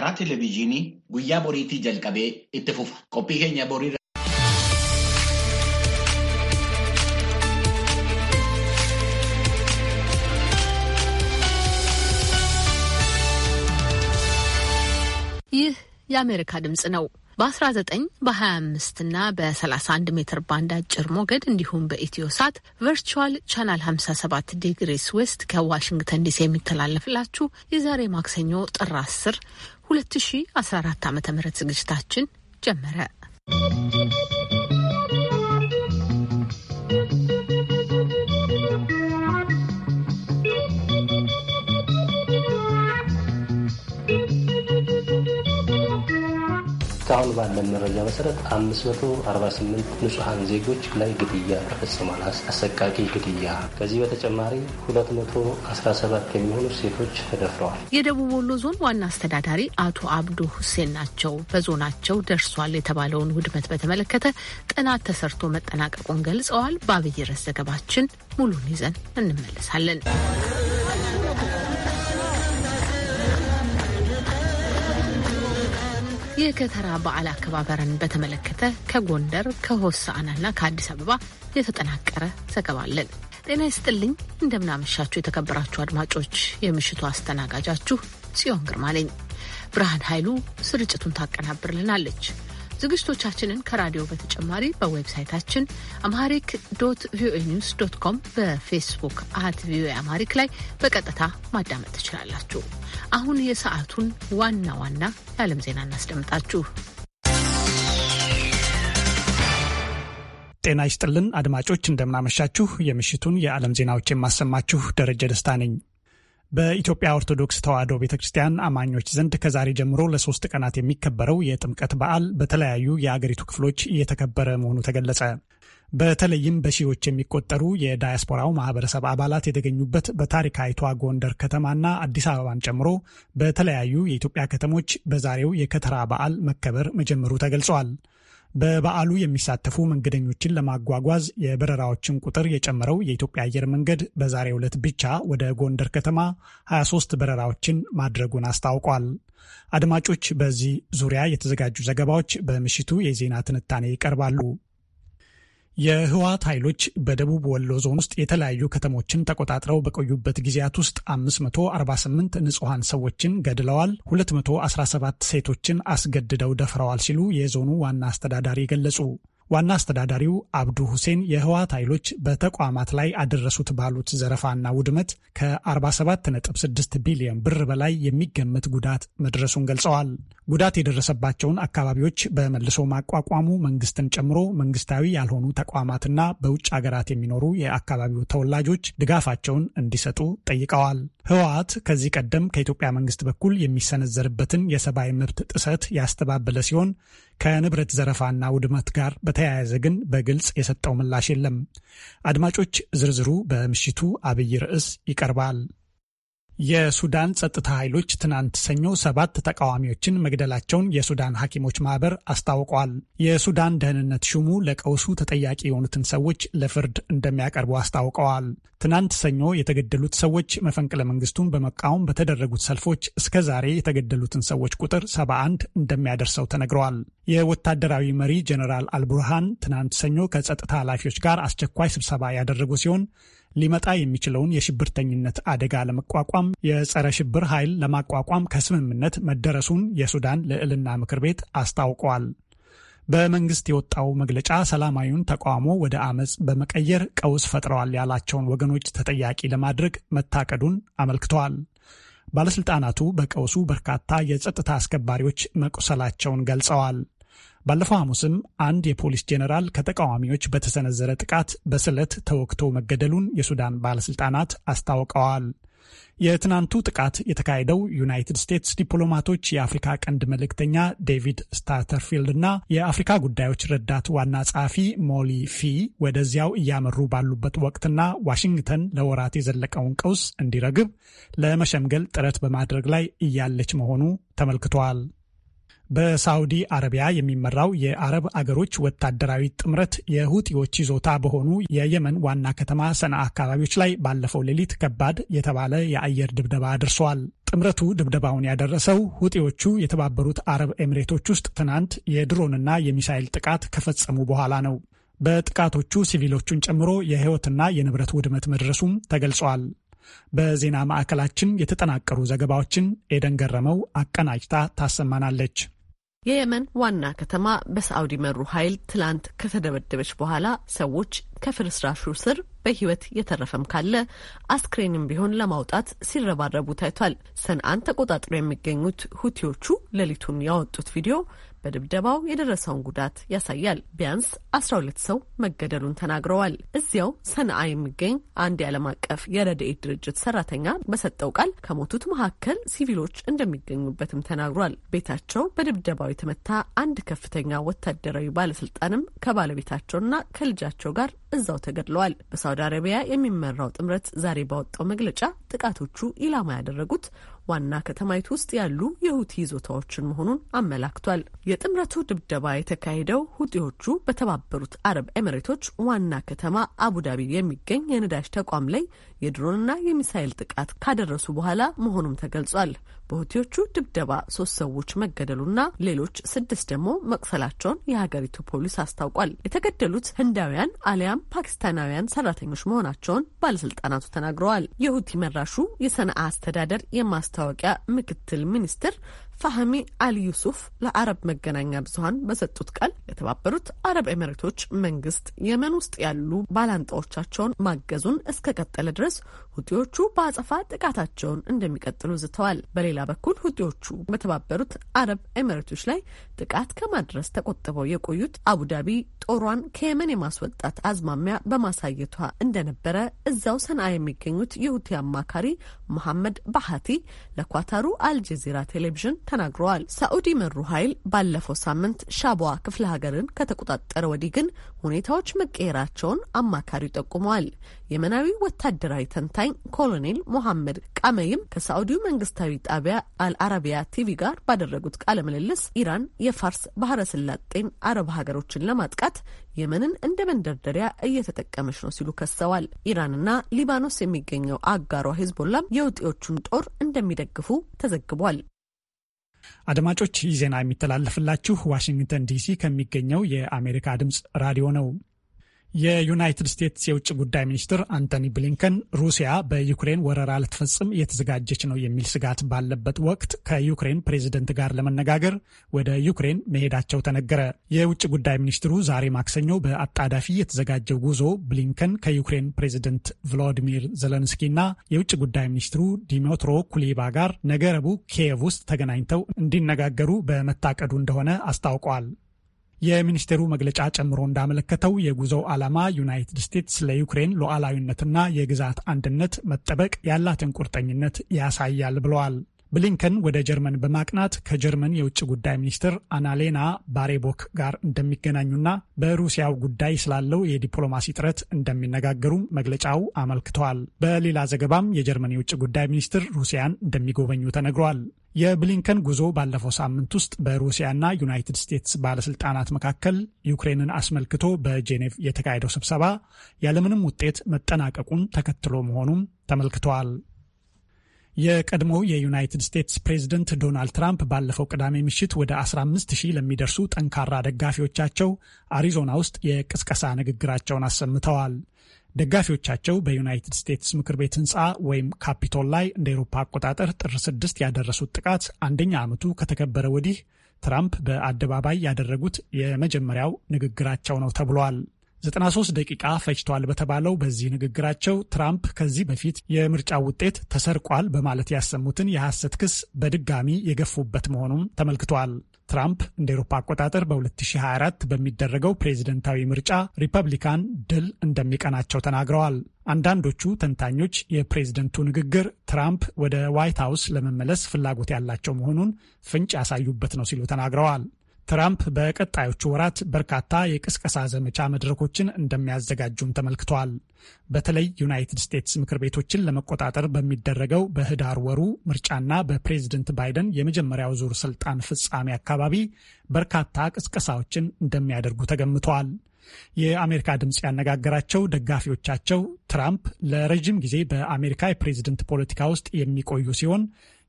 Karaa Televezyiinii guyyaa boriitii jalqabee itti fufa. Qophii keenya boriirra darbee የአሜሪካ ድምጽ ነው። በ19 በ25 እና በ31 ሜትር ባንድ አጭር ሞገድ እንዲሁም በኢትዮ ሳት ቨርቹዋል ቻናል 57 ዲግሪስ ዌስት ከዋሽንግተን ዲሲ የሚተላለፍላችሁ የዛሬ ማክሰኞ ጥር 10 2014 ዓ ም ዝግጅታችን ጀመረ። እስካሁን ባለን መረጃ መሰረት 548 ንጹሐን ዜጎች ላይ ግድያ ተፈጽሟል። አሰቃቂ ግድያ። ከዚህ በተጨማሪ 217 የሚሆኑ ሴቶች ተደፍረዋል። የደቡብ ወሎ ዞን ዋና አስተዳዳሪ አቶ አብዱ ሁሴን ናቸው። በዞናቸው ደርሷል የተባለውን ውድመት በተመለከተ ጥናት ተሰርቶ መጠናቀቁን ገልጸዋል። በአብይ ርዕስ ዘገባችን ሙሉን ይዘን እንመለሳለን። የከተራ በዓል አከባበርን በተመለከተ ከጎንደር ከሆሳዕናና ከአዲስ አበባ የተጠናቀረ ዘገባ አለን። ጤና ይስጥልኝ፣ እንደምናመሻችሁ የተከበራችሁ አድማጮች፣ የምሽቱ አስተናጋጃችሁ ጽዮን ግርማ ነኝ። ብርሃን ኃይሉ ስርጭቱን ታቀናብርልናለች። ዝግጅቶቻችንን ከራዲዮ በተጨማሪ በዌብሳይታችን አምሃሪክ ዶት ቪኦኤ ኒውስ ዶት ኮም በፌስቡክ አት ቪኦኤ አምሃሪክ ላይ በቀጥታ ማዳመጥ ትችላላችሁ። አሁን የሰዓቱን ዋና ዋና የዓለም ዜና እናስደምጣችሁ። ጤና ይስጥልን አድማጮች፣ እንደምናመሻችሁ። የምሽቱን የዓለም ዜናዎች የማሰማችሁ ደረጀ ደስታ ነኝ። በኢትዮጵያ ኦርቶዶክስ ተዋሕዶ ቤተ ክርስቲያን አማኞች ዘንድ ከዛሬ ጀምሮ ለሶስት ቀናት የሚከበረው የጥምቀት በዓል በተለያዩ የአገሪቱ ክፍሎች እየተከበረ መሆኑ ተገለጸ። በተለይም በሺዎች የሚቆጠሩ የዳያስፖራው ማህበረሰብ አባላት የተገኙበት በታሪካዊቷ ጎንደር ከተማና አዲስ አበባን ጨምሮ በተለያዩ የኢትዮጵያ ከተሞች በዛሬው የከተራ በዓል መከበር መጀመሩ ተገልጿል። በበዓሉ የሚሳተፉ መንገደኞችን ለማጓጓዝ የበረራዎችን ቁጥር የጨመረው የኢትዮጵያ አየር መንገድ በዛሬ ዕለት ብቻ ወደ ጎንደር ከተማ 23 በረራዎችን ማድረጉን አስታውቋል። አድማጮች፣ በዚህ ዙሪያ የተዘጋጁ ዘገባዎች በምሽቱ የዜና ትንታኔ ይቀርባሉ። የህወሓት ኃይሎች በደቡብ ወሎ ዞን ውስጥ የተለያዩ ከተሞችን ተቆጣጥረው በቆዩበት ጊዜያት ውስጥ 548 ንጹሐን ሰዎችን ገድለዋል፣ 217 ሴቶችን አስገድደው ደፍረዋል ሲሉ የዞኑ ዋና አስተዳዳሪ ገለጹ። ዋና አስተዳዳሪው አብዱ ሁሴን የህወሓት ኃይሎች በተቋማት ላይ አደረሱት ባሉት ዘረፋና ውድመት ከ47.6 ቢሊዮን ብር በላይ የሚገመት ጉዳት መድረሱን ገልጸዋል። ጉዳት የደረሰባቸውን አካባቢዎች በመልሶ ማቋቋሙ መንግስትን ጨምሮ መንግስታዊ ያልሆኑ ተቋማትና በውጭ ሀገራት የሚኖሩ የአካባቢው ተወላጆች ድጋፋቸውን እንዲሰጡ ጠይቀዋል። ህወሓት ከዚህ ቀደም ከኢትዮጵያ መንግስት በኩል የሚሰነዘርበትን የሰብአዊ መብት ጥሰት ያስተባበለ ሲሆን ከንብረት ዘረፋና ውድመት ጋር በተያያዘ ግን በግልጽ የሰጠው ምላሽ የለም። አድማጮች፣ ዝርዝሩ በምሽቱ አብይ ርዕስ ይቀርባል። የሱዳን ጸጥታ ኃይሎች ትናንት ሰኞ ሰባት ተቃዋሚዎችን መግደላቸውን የሱዳን ሐኪሞች ማህበር አስታውቋል። የሱዳን ደህንነት ሹሙ ለቀውሱ ተጠያቂ የሆኑትን ሰዎች ለፍርድ እንደሚያቀርቡ አስታውቀዋል። ትናንት ሰኞ የተገደሉት ሰዎች መፈንቅለ መንግስቱን በመቃወም በተደረጉት ሰልፎች እስከ ዛሬ የተገደሉትን ሰዎች ቁጥር 71 እንደሚያደርሰው ተነግረዋል። የወታደራዊ መሪ ጀኔራል አልቡርሃን ትናንት ሰኞ ከጸጥታ ኃላፊዎች ጋር አስቸኳይ ስብሰባ ያደረጉ ሲሆን ሊመጣ የሚችለውን የሽብርተኝነት አደጋ ለመቋቋም የጸረ ሽብር ኃይል ለማቋቋም ከስምምነት መደረሱን የሱዳን ልዕልና ምክር ቤት አስታውቋል። በመንግስት የወጣው መግለጫ ሰላማዊውን ተቃውሞ ወደ አመፅ በመቀየር ቀውስ ፈጥረዋል ያላቸውን ወገኖች ተጠያቂ ለማድረግ መታቀዱን አመልክተዋል። ባለስልጣናቱ በቀውሱ በርካታ የጸጥታ አስከባሪዎች መቁሰላቸውን ገልጸዋል። ባለፈው ሐሙስም አንድ የፖሊስ ጄኔራል ከተቃዋሚዎች በተሰነዘረ ጥቃት በስለት ተወግቶ መገደሉን የሱዳን ባለሥልጣናት አስታውቀዋል። የትናንቱ ጥቃት የተካሄደው ዩናይትድ ስቴትስ ዲፕሎማቶች የአፍሪካ ቀንድ መልእክተኛ ዴቪድ ስታተርፊልድ እና የአፍሪካ ጉዳዮች ረዳት ዋና ጸሐፊ ሞሊ ፊ ወደዚያው እያመሩ ባሉበት ወቅትና ዋሽንግተን ለወራት የዘለቀውን ቀውስ እንዲረግብ ለመሸምገል ጥረት በማድረግ ላይ እያለች መሆኑ ተመልክቷል። በሳዑዲ አረቢያ የሚመራው የአረብ አገሮች ወታደራዊ ጥምረት የሁቲዎች ይዞታ በሆኑ የየመን ዋና ከተማ ሰና አካባቢዎች ላይ ባለፈው ሌሊት ከባድ የተባለ የአየር ድብደባ አድርሰዋል። ጥምረቱ ድብደባውን ያደረሰው ሁጤዎቹ የተባበሩት አረብ ኤሚሬቶች ውስጥ ትናንት የድሮንና የሚሳይል ጥቃት ከፈጸሙ በኋላ ነው። በጥቃቶቹ ሲቪሎቹን ጨምሮ የሕይወትና የንብረት ውድመት መድረሱም ተገልጿል። በዜና ማዕከላችን የተጠናቀሩ ዘገባዎችን ኤደን ገረመው አቀናጅታ ታሰማናለች። የየመን ዋና ከተማ በሳዑዲ መሩ ኃይል ትላንት ከተደበደበች በኋላ ሰዎች ከፍርስራሹ ስር በህይወት የተረፈም ካለ አስክሬንም ቢሆን ለማውጣት ሲረባረቡ ታይቷል። ሰንአን ተቆጣጥሮ የሚገኙት ሁቲዎቹ ሌሊቱን ያወጡት ቪዲዮ በድብደባው የደረሰውን ጉዳት ያሳያል። ቢያንስ አስራ ሁለት ሰው መገደሉን ተናግረዋል። እዚያው ሰንአ የሚገኝ አንድ የዓለም አቀፍ የረድኤት ድርጅት ሰራተኛ በሰጠው ቃል ከሞቱት መካከል ሲቪሎች እንደሚገኙበትም ተናግሯል። ቤታቸው በድብደባው የተመታ አንድ ከፍተኛ ወታደራዊ ባለስልጣንም ከባለቤታቸውና ከልጃቸው ጋር እዛው ተገድለዋል። በሳውዲ አረቢያ የሚመራው ጥምረት ዛሬ ባወጣው መግለጫ ጥቃቶቹ ኢላማ ያደረጉት ዋና ከተማይቱ ውስጥ ያሉ የሁቲ ይዞታዎችን መሆኑን አመላክቷል። የጥምረቱ ድብደባ የተካሄደው ሁቲዎቹ በተባ የተባበሩት አረብ ኤምሬቶች ዋና ከተማ አቡዳቢ የሚገኝ የነዳጅ ተቋም ላይ የድሮንና የሚሳይል ጥቃት ካደረሱ በኋላ መሆኑም ተገልጿል። በሁቲዎቹ ድብደባ ሶስት ሰዎች መገደሉና ሌሎች ስድስት ደግሞ መቁሰላቸውን የሀገሪቱ ፖሊስ አስታውቋል። የተገደሉት ህንዳውያን አሊያም ፓኪስታናውያን ሰራተኞች መሆናቸውን ባለስልጣናቱ ተናግረዋል። የሁቲ መራሹ የሰነአ አስተዳደር የማስታወቂያ ምክትል ሚኒስትር ፋህሚ አል ዩሱፍ ለአረብ መገናኛ ብዙሀን በሰጡት ቃል የተባበሩት አረብ ኤምሬቶች መንግስት የመን ውስጥ ያሉ ባላንጣዎቻቸውን ማገዙን እስከቀጠለ ድረስ ሁቴዎቹ በአጸፋ ጥቃታቸውን እንደሚቀጥሉ ዝተዋል። በሌላ በኩል ሁቴዎቹ በተባበሩት አረብ ኤምሬቶች ላይ ጥቃት ከማድረስ ተቆጥበው የቆዩት አቡዳቢ ጦሯን ከየመን የማስወጣት አዝማሚያ በማሳየቷ እንደነበረ እዛው ሰንዓ የሚገኙት የሁቲ አማካሪ መሐመድ ባህቲ ለኳታሩ አልጀዚራ ቴሌቪዥን ተናግረዋል። ሳዑዲ መሩ ኃይል ባለፈው ሳምንት ሻቧ ክፍለ ሀገርን ከተቆጣጠረ ወዲህ ግን ሁኔታዎች መቀየራቸውን አማካሪው ጠቁመዋል። የመናዊ ወታደራዊ ተንታኝ አቀንቃኝ ኮሎኔል ሞሐመድ ቃመይም ከሳዑዲው መንግስታዊ ጣቢያ አልአረቢያ ቲቪ ጋር ባደረጉት ቃለ ምልልስ ኢራን የፋርስ ባህረ ስላጤን አረብ ሀገሮችን ለማጥቃት የመንን እንደ መንደርደሪያ እየተጠቀመች ነው ሲሉ ከሰዋል። ኢራንና ሊባኖስ የሚገኘው አጋሯ ሂዝቦላም የውጤዎቹን ጦር እንደሚደግፉ ተዘግቧል። አድማጮች ይህ ዜና የሚተላለፍላችሁ ዋሽንግተን ዲሲ ከሚገኘው የአሜሪካ ድምጽ ራዲዮ ነው። የዩናይትድ ስቴትስ የውጭ ጉዳይ ሚኒስትር አንቶኒ ብሊንከን ሩሲያ በዩክሬን ወረራ ልትፈጽም እየተዘጋጀች ነው የሚል ስጋት ባለበት ወቅት ከዩክሬን ፕሬዝደንት ጋር ለመነጋገር ወደ ዩክሬን መሄዳቸው ተነገረ። የውጭ ጉዳይ ሚኒስትሩ ዛሬ ማክሰኞ በአጣዳፊ የተዘጋጀው ጉዞ ብሊንከን ከዩክሬን ፕሬዝደንት ቮሎዲሚር እና የውጭ ጉዳይ ሚኒስትሩ ዲሚትሮ ኩሌባ ጋር ነገ ረቡዕ ኪየቭ ውስጥ ተገናኝተው እንዲነጋገሩ በመታቀዱ እንደሆነ አስታውቀዋል። የሚኒስቴሩ መግለጫ ጨምሮ እንዳመለከተው የጉዞው ዓላማ ዩናይትድ ስቴትስ ለዩክሬን ሉዓላዊነትና የግዛት አንድነት መጠበቅ ያላትን ቁርጠኝነት ያሳያል ብለዋል። ብሊንከን ወደ ጀርመን በማቅናት ከጀርመን የውጭ ጉዳይ ሚኒስትር አናሌና ባሬቦክ ጋር እንደሚገናኙና በሩሲያው ጉዳይ ስላለው የዲፕሎማሲ ጥረት እንደሚነጋገሩም መግለጫው አመልክተዋል። በሌላ ዘገባም የጀርመን የውጭ ጉዳይ ሚኒስትር ሩሲያን እንደሚጎበኙ ተነግሯል። የብሊንከን ጉዞ ባለፈው ሳምንት ውስጥ በሩሲያና ዩናይትድ ስቴትስ ባለስልጣናት መካከል ዩክሬንን አስመልክቶ በጄኔቭ የተካሄደው ስብሰባ ያለምንም ውጤት መጠናቀቁን ተከትሎ መሆኑም ተመልክተዋል። የቀድሞው የዩናይትድ ስቴትስ ፕሬዝደንት ዶናልድ ትራምፕ ባለፈው ቅዳሜ ምሽት ወደ 15 ሺህ ለሚደርሱ ጠንካራ ደጋፊዎቻቸው አሪዞና ውስጥ የቅስቀሳ ንግግራቸውን አሰምተዋል። ደጋፊዎቻቸው በዩናይትድ ስቴትስ ምክር ቤት ህንፃ ወይም ካፒቶል ላይ እንደ ኤሮፓ አቆጣጠር ጥር ስድስት ያደረሱት ጥቃት አንደኛ ዓመቱ ከተከበረ ወዲህ ትራምፕ በአደባባይ ያደረጉት የመጀመሪያው ንግግራቸው ነው ተብሏል። 93 ደቂቃ ፈጅቷል በተባለው በዚህ ንግግራቸው ትራምፕ ከዚህ በፊት የምርጫ ውጤት ተሰርቋል በማለት ያሰሙትን የሐሰት ክስ በድጋሚ የገፉበት መሆኑም ተመልክቷል። ትራምፕ እንደ ኤሮፓ አቆጣጠር በ2024 በሚደረገው ፕሬዝደንታዊ ምርጫ ሪፐብሊካን ድል እንደሚቀናቸው ተናግረዋል። አንዳንዶቹ ተንታኞች የፕሬዝደንቱ ንግግር ትራምፕ ወደ ዋይት ሀውስ ለመመለስ ፍላጎት ያላቸው መሆኑን ፍንጭ ያሳዩበት ነው ሲሉ ተናግረዋል። ትራምፕ በቀጣዮቹ ወራት በርካታ የቅስቀሳ ዘመቻ መድረኮችን እንደሚያዘጋጁም ተመልክተዋል። በተለይ ዩናይትድ ስቴትስ ምክር ቤቶችን ለመቆጣጠር በሚደረገው በህዳር ወሩ ምርጫና በፕሬዝደንት ባይደን የመጀመሪያው ዙር ስልጣን ፍጻሜ አካባቢ በርካታ ቅስቀሳዎችን እንደሚያደርጉ ተገምተዋል። የአሜሪካ ድምፅ ያነጋገራቸው ደጋፊዎቻቸው ትራምፕ ለረዥም ጊዜ በአሜሪካ የፕሬዝደንት ፖለቲካ ውስጥ የሚቆዩ ሲሆን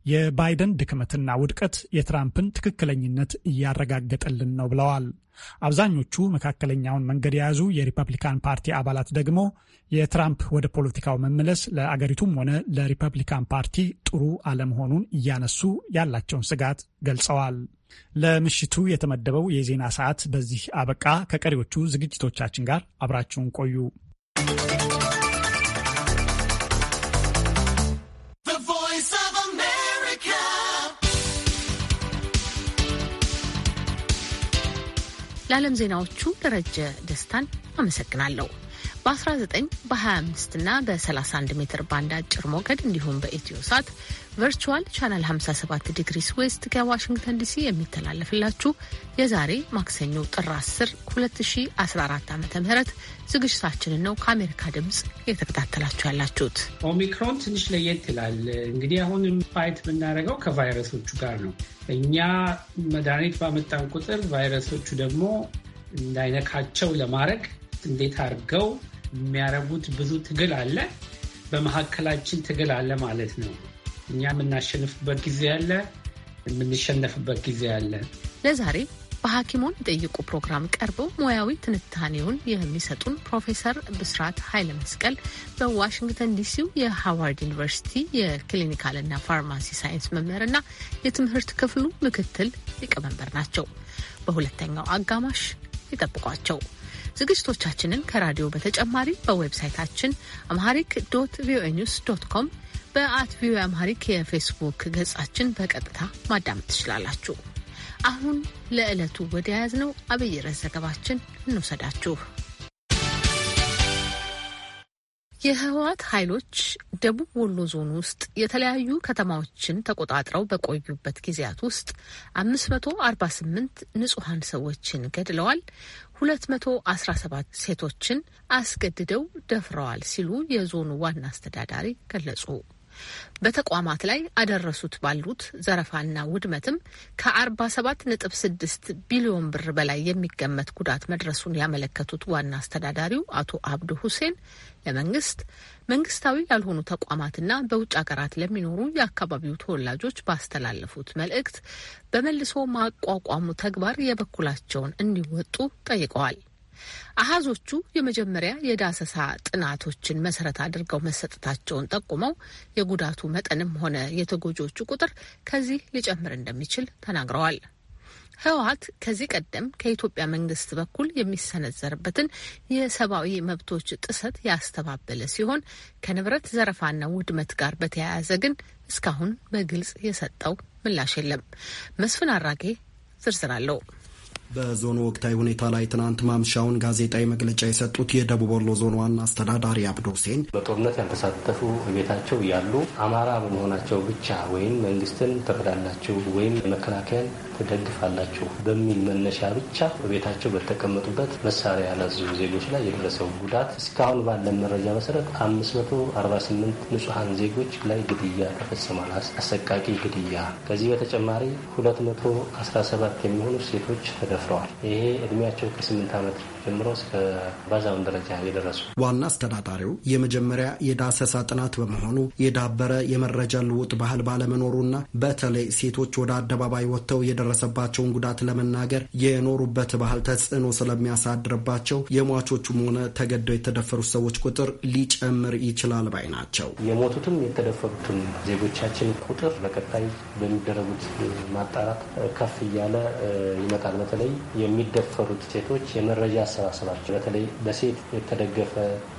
የባይደን ድክመትና ውድቀት የትራምፕን ትክክለኝነት እያረጋገጠልን ነው ብለዋል። አብዛኞቹ መካከለኛውን መንገድ የያዙ የሪፐብሊካን ፓርቲ አባላት ደግሞ የትራምፕ ወደ ፖለቲካው መመለስ ለአገሪቱም ሆነ ለሪፐብሊካን ፓርቲ ጥሩ አለመሆኑን እያነሱ ያላቸውን ስጋት ገልጸዋል። ለምሽቱ የተመደበው የዜና ሰዓት በዚህ አበቃ። ከቀሪዎቹ ዝግጅቶቻችን ጋር አብራችሁን ቆዩ። ለዓለም ዜናዎቹ ደረጀ ደስታን አመሰግናለሁ። በ19 በ25 እና በ31 ሜትር ባንድ አጭር ሞገድ እንዲሁም በኢትዮ ሳት ቨርቹዋል ቻናል 57 ዲግሪስ ዌስት ከዋሽንግተን ዲሲ የሚተላለፍላችሁ የዛሬ ማክሰኞ ጥር 10 2014 ዓ ም ዝግጅታችንን ነው ከአሜሪካ ድምፅ እየተከታተላችሁ ያላችሁት። ኦሚክሮን ትንሽ ለየት ይላል። እንግዲህ አሁን ፋይት የምናደርገው ከቫይረሶቹ ጋር ነው። እኛ መድኃኒት ባመጣን ቁጥር ቫይረሶቹ ደግሞ እንዳይነካቸው ለማድረግ እንዴት አድርገው የሚያረጉት ብዙ ትግል አለ። በመካከላችን ትግል አለ ማለት ነው። እኛ የምናሸንፍበት ጊዜ አለ፣ የምንሸነፍበት ጊዜ አለ። ለዛሬ በሐኪሙን ይጠይቁ ፕሮግራም ቀርበው ሙያዊ ትንታኔውን የሚሰጡን ፕሮፌሰር ብስራት ኃይለ መስቀል በዋሽንግተን ዲሲው የሃዋርድ ዩኒቨርሲቲ የክሊኒካልና ፋርማሲ ሳይንስ መምህርና የትምህርት ክፍሉ ምክትል ሊቀመንበር ናቸው። በሁለተኛው አጋማሽ ይጠብቋቸው። ዝግጅቶቻችንን ከራዲዮ በተጨማሪ በዌብሳይታችን አምሃሪክ ዶት ቪኦኤ ኒውስ ዶት ኮም በአት ቪኦኤ አምሃሪክ የፌስቡክ ገጻችን በቀጥታ ማዳመጥ ትችላላችሁ። አሁን ለዕለቱ ወደ ያዝነው አብይ ርዕስ ዘገባችን እንውሰዳችሁ። የህወሓት ኃይሎች ደቡብ ወሎ ዞን ውስጥ የተለያዩ ከተማዎችን ተቆጣጥረው በቆዩበት ጊዜያት ውስጥ 548 ንጹሐን ሰዎችን ገድለዋል፣ 217 ሴቶችን አስገድደው ደፍረዋል ሲሉ የዞኑ ዋና አስተዳዳሪ ገለጹ። በተቋማት ላይ አደረሱት ባሉት ዘረፋና ውድመትም ከ47.6 ቢሊዮን ብር በላይ የሚገመት ጉዳት መድረሱን ያመለከቱት ዋና አስተዳዳሪው አቶ አብዱ ሁሴን ለመንግስት መንግስታዊ ያልሆኑ ተቋማትና በውጭ ሀገራት ለሚኖሩ የአካባቢው ተወላጆች ባስተላለፉት መልእክት በመልሶ ማቋቋሙ ተግባር የበኩላቸውን እንዲወጡ ጠይቀዋል። አሃዞቹ የመጀመሪያ የዳሰሳ ጥናቶችን መሰረት አድርገው መሰጠታቸውን ጠቁመው የጉዳቱ መጠንም ሆነ የተጎጂዎቹ ቁጥር ከዚህ ሊጨምር እንደሚችል ተናግረዋል። ህወሀት ከዚህ ቀደም ከኢትዮጵያ መንግስት በኩል የሚሰነዘርበትን የሰብአዊ መብቶች ጥሰት ያስተባበለ ሲሆን ከንብረት ዘረፋና ውድመት ጋር በተያያዘ ግን እስካሁን በግልጽ የሰጠው ምላሽ የለም። መስፍን አራጌ ዝርዝር አለው። በዞኑ ወቅታዊ ሁኔታ ላይ ትናንት ማምሻውን ጋዜጣዊ መግለጫ የሰጡት የደቡብ ወሎ ዞን ዋና አስተዳዳሪ አብዶ ሁሴን በጦርነት ያልተሳተፉ ቤታቸው ያሉ አማራ በመሆናቸው ብቻ ወይም መንግስትን ትረዳላችሁ ወይም መከላከያን ትደግፋላችሁ በሚል መነሻ ብቻ በቤታቸው በተቀመጡበት መሳሪያ ያላዙ ዜጎች ላይ የደረሰው ጉዳት እስካሁን ባለን መረጃ መሰረት 548 ንጹሐን ዜጎች ላይ ግድያ ተፈጽሟል። አሰቃቂ ግድያ። ከዚህ በተጨማሪ 217 የሚሆኑ ሴቶች ተደፍ ታስረዋል። ይሄ እድሜያቸው ከስምንት ዓመት ጀምሮ እስከ ባዛውን ደረጃ የደረሱ ዋና አስተዳዳሪው የመጀመሪያ የዳሰሳ ጥናት በመሆኑ የዳበረ የመረጃ ልውጥ ባህል ባለመኖሩና በተለይ ሴቶች ወደ አደባባይ ወጥተው የደረሰባቸውን ጉዳት ለመናገር የኖሩበት ባህል ተጽዕኖ ስለሚያሳድርባቸው የሟቾቹም ሆነ ተገደው የተደፈሩት ሰዎች ቁጥር ሊጨምር ይችላል ባይ ናቸው። የሞቱትም የተደፈሩትም ዜጎቻችን ቁጥር በቀጣይ በሚደረጉት ማጣራት ከፍ እያለ ይመጣል። በተለይ የሚደፈሩት ሴቶች የመረጃ አሰባሰባቸው በተለይ በሴት የተደገፈ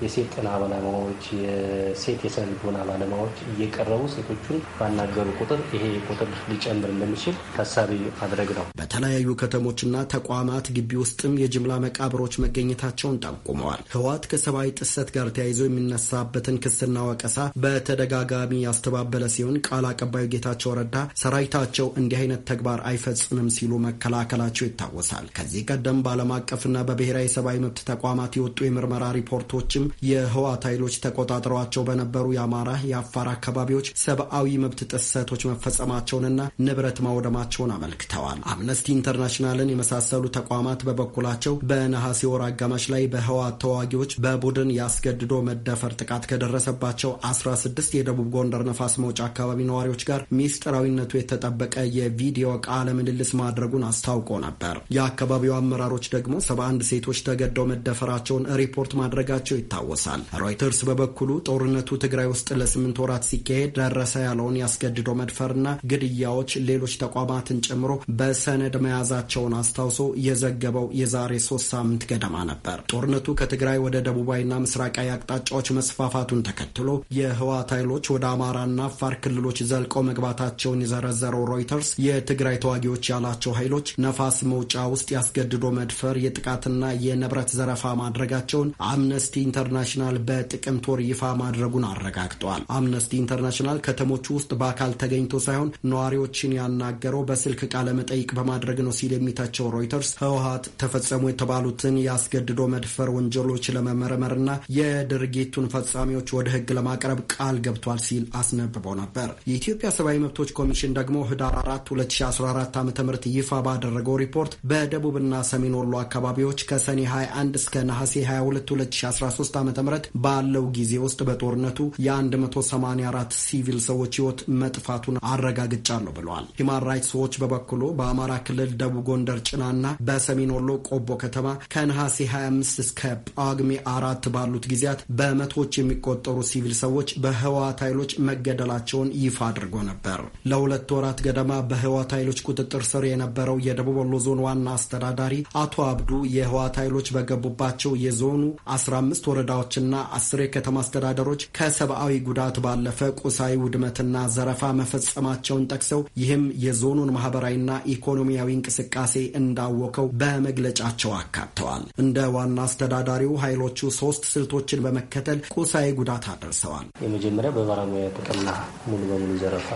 የሴት ጤና ባለሙያዎች፣ የሴት የስነ ልቦና ባለሙያዎች እየቀረቡ ሴቶቹን ባናገሩ ቁጥር ይሄ ቁጥር ሊጨምር እንደሚችል ታሳቢ ማድረግ ነው። በተለያዩ ከተሞችና ተቋማት ግቢ ውስጥም የጅምላ መቃብሮች መገኘታቸውን ጠቁመዋል። ህወሓት ከሰብአዊ ጥሰት ጋር ተያይዞ የሚነሳበትን ክስና ወቀሳ በተደጋጋሚ ያስተባበለ ሲሆን ቃል አቀባዩ ጌታቸው ረዳ ሰራዊታቸው እንዲህ አይነት ተግባር አይፈጽምም ሲሉ መከላከላቸው ይታወሳል። ከዚህ ቀደም በዓለም አቀፍና በብሔራዊ የሰብአዊ መብት ተቋማት የወጡ የምርመራ ሪፖርቶችም የህወሓት ኃይሎች ተቆጣጥረዋቸው በነበሩ የአማራ፣ የአፋር አካባቢዎች ሰብአዊ መብት ጥሰቶች መፈጸማቸውንና ንብረት ማውደማቸውን አመልክተዋል። አምነስቲ ኢንተርናሽናልን የመሳሰሉ ተቋማት በበኩላቸው በነሐሴ ወር አጋማሽ ላይ በህወሓት ተዋጊዎች በቡድን ያስገድዶ መደፈር ጥቃት ከደረሰባቸው 16 የደቡብ ጎንደር ነፋስ መውጫ አካባቢ ነዋሪዎች ጋር ሚስጥራዊነቱ የተጠበቀ የቪዲዮ ቃለ ምልልስ ማድረጉን አስታውቆ ነበር። የአካባቢው አመራሮች ደግሞ 71 ሴቶች ወጣቶች ተገደው መደፈራቸውን ሪፖርት ማድረጋቸው ይታወሳል። ሮይተርስ በበኩሉ ጦርነቱ ትግራይ ውስጥ ለስምንት ወራት ሲካሄድ ደረሰ ያለውን ያስገድዶ መድፈርና ግድያዎች ሌሎች ተቋማትን ጨምሮ በሰነድ መያዛቸውን አስታውሶ የዘገበው የዛሬ ሶስት ሳምንት ገደማ ነበር። ጦርነቱ ከትግራይ ወደ ደቡባዊና ምስራቃዊ አቅጣጫዎች መስፋፋቱን ተከትሎ የህወሓት ኃይሎች ወደ አማራና አፋር ክልሎች ዘልቀው መግባታቸውን የዘረዘረው ሮይተርስ የትግራይ ተዋጊዎች ያላቸው ኃይሎች ነፋስ መውጫ ውስጥ ያስገድዶ መድፈር የጥቃትና የንብረት ዘረፋ ማድረጋቸውን አምነስቲ ኢንተርናሽናል በጥቅምት ወር ይፋ ማድረጉን አረጋግጧል። አምነስቲ ኢንተርናሽናል ከተሞቹ ውስጥ በአካል ተገኝቶ ሳይሆን ነዋሪዎችን ያናገረው በስልክ ቃለ መጠይቅ በማድረግ ነው ሲል የሚታቸው ሮይተርስ ህወሀት ተፈጸሙ የተባሉትን የአስገድዶ መድፈር ወንጀሎች ለመመርመርና የድርጊቱን ፈጻሚዎች ወደ ህግ ለማቅረብ ቃል ገብቷል ሲል አስነብቦ ነበር። የኢትዮጵያ ሰብአዊ መብቶች ኮሚሽን ደግሞ ህዳር 4 2014 ዓ ም ይፋ ባደረገው ሪፖርት በደቡብና ሰሜን ወሎ አካባቢዎች ከሰ ከሰኔ 21 እስከ ነሐሴ 22 2013 ዓ ም ባለው ጊዜ ውስጥ በጦርነቱ የ184 ሲቪል ሰዎች ህይወት መጥፋቱን አረጋግጫለሁ ብለዋል። ሂማን ራይትስ ዎች በበኩሉ በአማራ ክልል ደቡብ ጎንደር ጭናና በሰሜን ወሎ ቆቦ ከተማ ከነሐሴ 25 እስከ ጳጉሜ አራት ባሉት ጊዜያት በመቶዎች የሚቆጠሩ ሲቪል ሰዎች በህወሓት ኃይሎች መገደላቸውን ይፋ አድርጎ ነበር። ለሁለት ወራት ገደማ በህወሓት ኃይሎች ቁጥጥር ስር የነበረው የደቡብ ወሎ ዞን ዋና አስተዳዳሪ አቶ አብዱ የህወሓት ኃይሎች በገቡባቸው የዞኑ 15 ወረዳዎችና አስር የከተማ አስተዳደሮች ከሰብአዊ ጉዳት ባለፈ ቁሳዊ ውድመትና ዘረፋ መፈጸማቸውን ጠቅሰው ይህም የዞኑን ማህበራዊና ኢኮኖሚያዊ እንቅስቃሴ እንዳወከው በመግለጫቸው አካተዋል። እንደ ዋና አስተዳዳሪው ኃይሎቹ ሶስት ስልቶችን በመከተል ቁሳዊ ጉዳት አደርሰዋል። የመጀመሪያ በባለሙያ የተቀና ሙሉ በሙሉ ዘረፋ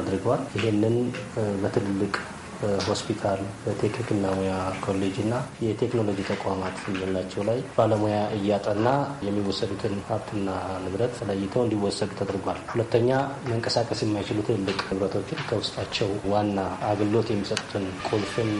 አድርገዋል። ይህንን በትልልቅ በሆስፒታል በቴክኒክና ሙያ ኮሌጅ እና የቴክኖሎጂ ተቋማት የምንላቸው ላይ ባለሙያ እያጠና የሚወሰዱትን ሀብትና ንብረት ለይተው እንዲወሰዱ ተደርጓል። ሁለተኛ መንቀሳቀስ የማይችሉ ትልልቅ ንብረቶችን ከውስጣቸው ዋና አገልግሎት የሚሰጡትን ቁልፍም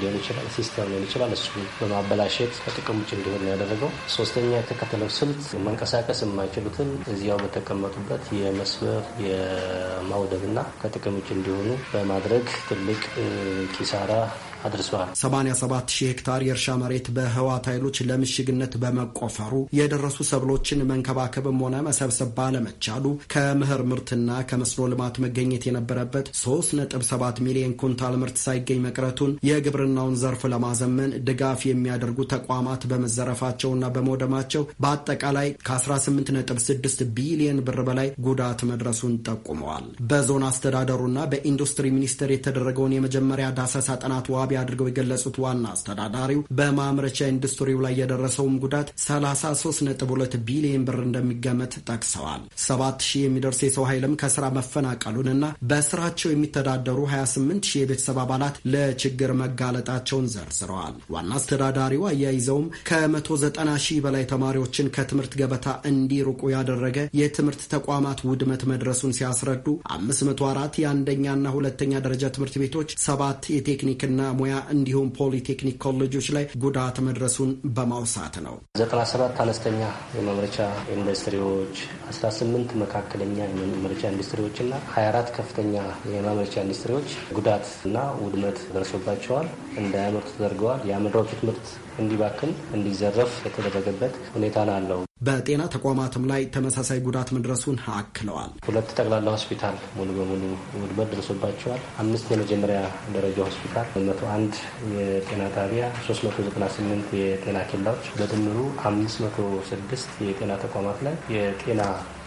ሊሆን ይችላል፣ ሲስተም ሊሆን ይችላል። እሱ በማበላሸት ከጥቅም ውጭ እንዲሆን ያደረገው። ሶስተኛ የተከተለው ስልት መንቀሳቀስ የማይችሉትን እዚያው በተቀመጡበት የመስበር የማውደብና ከጥቅም ውጭ እንዲሆኑ በማድረግ ትልቅ 그 기사라 አድርሰዋል። 87 ሺህ ሄክታር የእርሻ መሬት በህዋት ኃይሎች ለምሽግነት በመቆፈሩ የደረሱ ሰብሎችን መንከባከብም ሆነ መሰብሰብ ባለመቻሉ ከምህር ምርትና ከመስኖ ልማት መገኘት የነበረበት 3.7 ሚሊዮን ኩንታል ምርት ሳይገኝ መቅረቱን የግብርናውን ዘርፍ ለማዘመን ድጋፍ የሚያደርጉ ተቋማት በመዘረፋቸውና በመውደማቸው በአጠቃላይ ከ18.6 ቢሊዮን ብር በላይ ጉዳት መድረሱን ጠቁመዋል። በዞን አስተዳደሩና በኢንዱስትሪ ሚኒስቴር የተደረገውን የመጀመሪያ ዳሰሳ ጥናት ዋቢ አድርገው የገለጹት ዋና አስተዳዳሪው በማምረቻ ኢንዱስትሪው ላይ የደረሰውም ጉዳት 33.2 ቢሊዮን ብር እንደሚገመት ጠቅሰዋል። 7000 የሚደርስ የሰው ኃይልም ከስራ መፈናቀሉንና በስራቸው የሚተዳደሩ 28000 የቤተሰብ አባላት ለችግር መጋለጣቸውን ዘርዝረዋል። ዋና አስተዳዳሪው አያይዘውም ከ190 ሺህ በላይ ተማሪዎችን ከትምህርት ገበታ እንዲርቁ ያደረገ የትምህርት ተቋማት ውድመት መድረሱን ሲያስረዱ 504 የአንደኛና ሁለተኛ ደረጃ ትምህርት ቤቶች፣ ሰባት የቴክኒክና ሙያ እንዲሁም ፖሊቴክኒክ ኮሌጆች ላይ ጉዳት መድረሱን በማውሳት ነው። 97 አነስተኛ የማምረቻ ኢንዱስትሪዎች፣ 18 መካከለኛ የማምረቻ ኢንዱስትሪዎች እና 24 ከፍተኛ የማምረቻ ኢንዱስትሪዎች ጉዳት እና ውድመት ደርሶባቸዋል። እንዳያመርቱ ተደርገዋል። ያመረቱት ምርት እንዲባክን እንዲዘረፍ የተደረገበት ሁኔታ ነው ያለው። በጤና ተቋማትም ላይ ተመሳሳይ ጉዳት መድረሱን አክለዋል። ሁለት ጠቅላላ ሆስፒታል ሙሉ በሙሉ ውድመት ደርሶባቸዋል። አምስት የመጀመሪያ ደረጃ ሆስፒታል፣ 101 የጤና ጣቢያ፣ 398 የጤና ኬላዎች በድምሩ 506 የጤና ተቋማት ላይ የጤና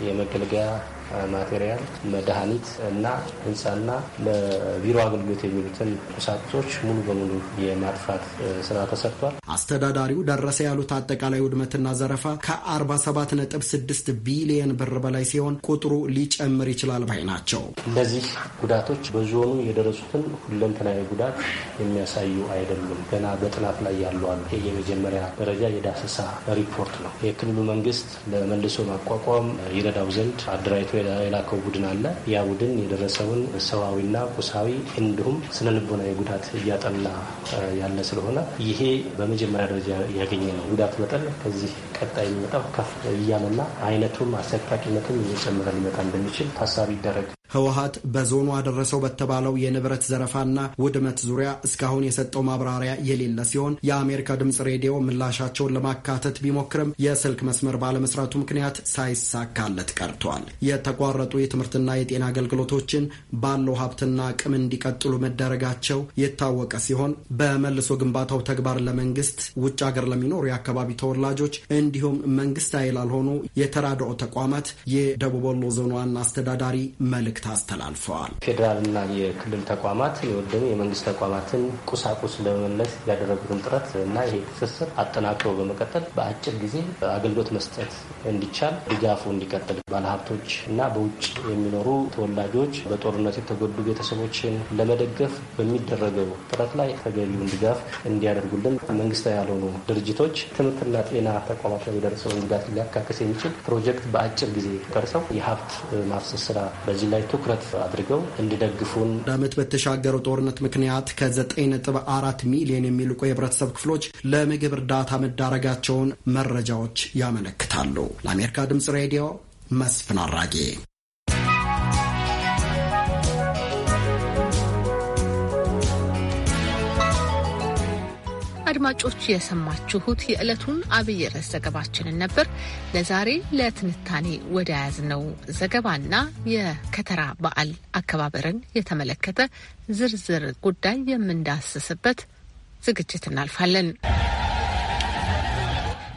የመገልገያ ማቴሪያል፣ መድኃኒት እና ህንፃና ለቢሮ አገልግሎት የሚሉትን ቁሳቁሶች ሙሉ በሙሉ የማጥፋት ስራ ተሰርቷል። አስተዳዳሪው ደረሰ ያሉት አጠቃላይ ውድመትና ዘረፋ ከ47.6 ቢሊየን ብር በላይ ሲሆን ቁጥሩ ሊጨምር ይችላል ባይ ናቸው። እነዚህ ጉዳቶች በዞኑ የደረሱትን ሁለንተናዊ ጉዳት የሚያሳዩ አይደሉም። ገና በጥናት ላይ ያሉ አሉ። የመጀመሪያ ደረጃ የዳሰሳ ሪፖርት ነው። የክልሉ መንግስት ለመልሶ ማቋቋም ይረዳው ዘንድ አደራጅቶ የላከው ቡድን አለ። ያ ቡድን የደረሰውን ሰብአዊና ቁሳዊ እንዲሁም ስነልቦናዊ ጉዳት እያጠና ያለ ስለሆነ ይሄ በመጀመሪያ ደረጃ ያገኘ ነው። ጉዳት መጠን ከዚህ ቀጣይ የሚመጣው ከፍ እያለና አይነቱም አሰቃቂነቱም እየጨመረ ሊመጣ እንደሚችል ታሳቢ ይደረግ። ህወሀት በዞኑ አደረሰው በተባለው የንብረት ዘረፋና ውድመት ዙሪያ እስካሁን የሰጠው ማብራሪያ የሌለ ሲሆን የአሜሪካ ድምፅ ሬዲዮ ምላሻቸውን ለማካተት ቢሞክርም የስልክ መስመር ባለመስራቱ ምክንያት ሳይሳካለት ቀርቷል። የተቋረጡ የትምህርትና የጤና አገልግሎቶችን ባለው ሀብትና አቅም እንዲቀጥሉ መደረጋቸው የታወቀ ሲሆን በመልሶ ግንባታው ተግባር ለመንግስት፣ ውጭ ሀገር ለሚኖሩ የአካባቢ ተወላጆች እንዲሁም መንግስታዊ ላልሆኑ የተራድኦ ተቋማት የደቡብ ወሎ ዞን ዋና አስተዳዳሪ መልክ መልእክት አስተላልፈዋል። ፌዴራልና የክልል ተቋማት የወደሙ የመንግስት ተቋማትን ቁሳቁስ ለመመለስ ያደረጉትን ጥረት እና ይሄ ትስስር አጠናክሮ በመቀጠል በአጭር ጊዜ አገልግሎት መስጠት እንዲቻል ድጋፉ እንዲቀጥል ባለሀብቶች እና በውጭ የሚኖሩ ተወላጆች በጦርነት የተጎዱ ቤተሰቦችን ለመደገፍ በሚደረገው ጥረት ላይ ተገቢውን ድጋፍ እንዲያደርጉልን መንግስታዊ ያልሆኑ ድርጅቶች ትምህርትና ጤና ተቋማት ላይ የደረሰውን ጉዳት ሊያካክስ የሚችል ፕሮጀክት በአጭር ጊዜ ደርሰው የሀብት ማፍሰስ ስራ በዚህ ላይ ትኩረት አድርገው እንዲደግፉን ዓመት በተሻገረው ጦርነት ምክንያት ከ9.4 ሚሊዮን የሚልቁ የህብረተሰብ ክፍሎች ለምግብ እርዳታ መዳረጋቸውን መረጃዎች ያመለክታሉ። ለአሜሪካ ድምጽ ሬዲዮ መስፍን አራጌ አድማጮች የሰማችሁት የዕለቱን አብይ ርዕስ ዘገባችንን ነበር። ለዛሬ ለትንታኔ ወደ ያዝነው ዘገባና የከተራ በዓል አከባበርን የተመለከተ ዝርዝር ጉዳይ የምንዳስስበት ዝግጅት እናልፋለን።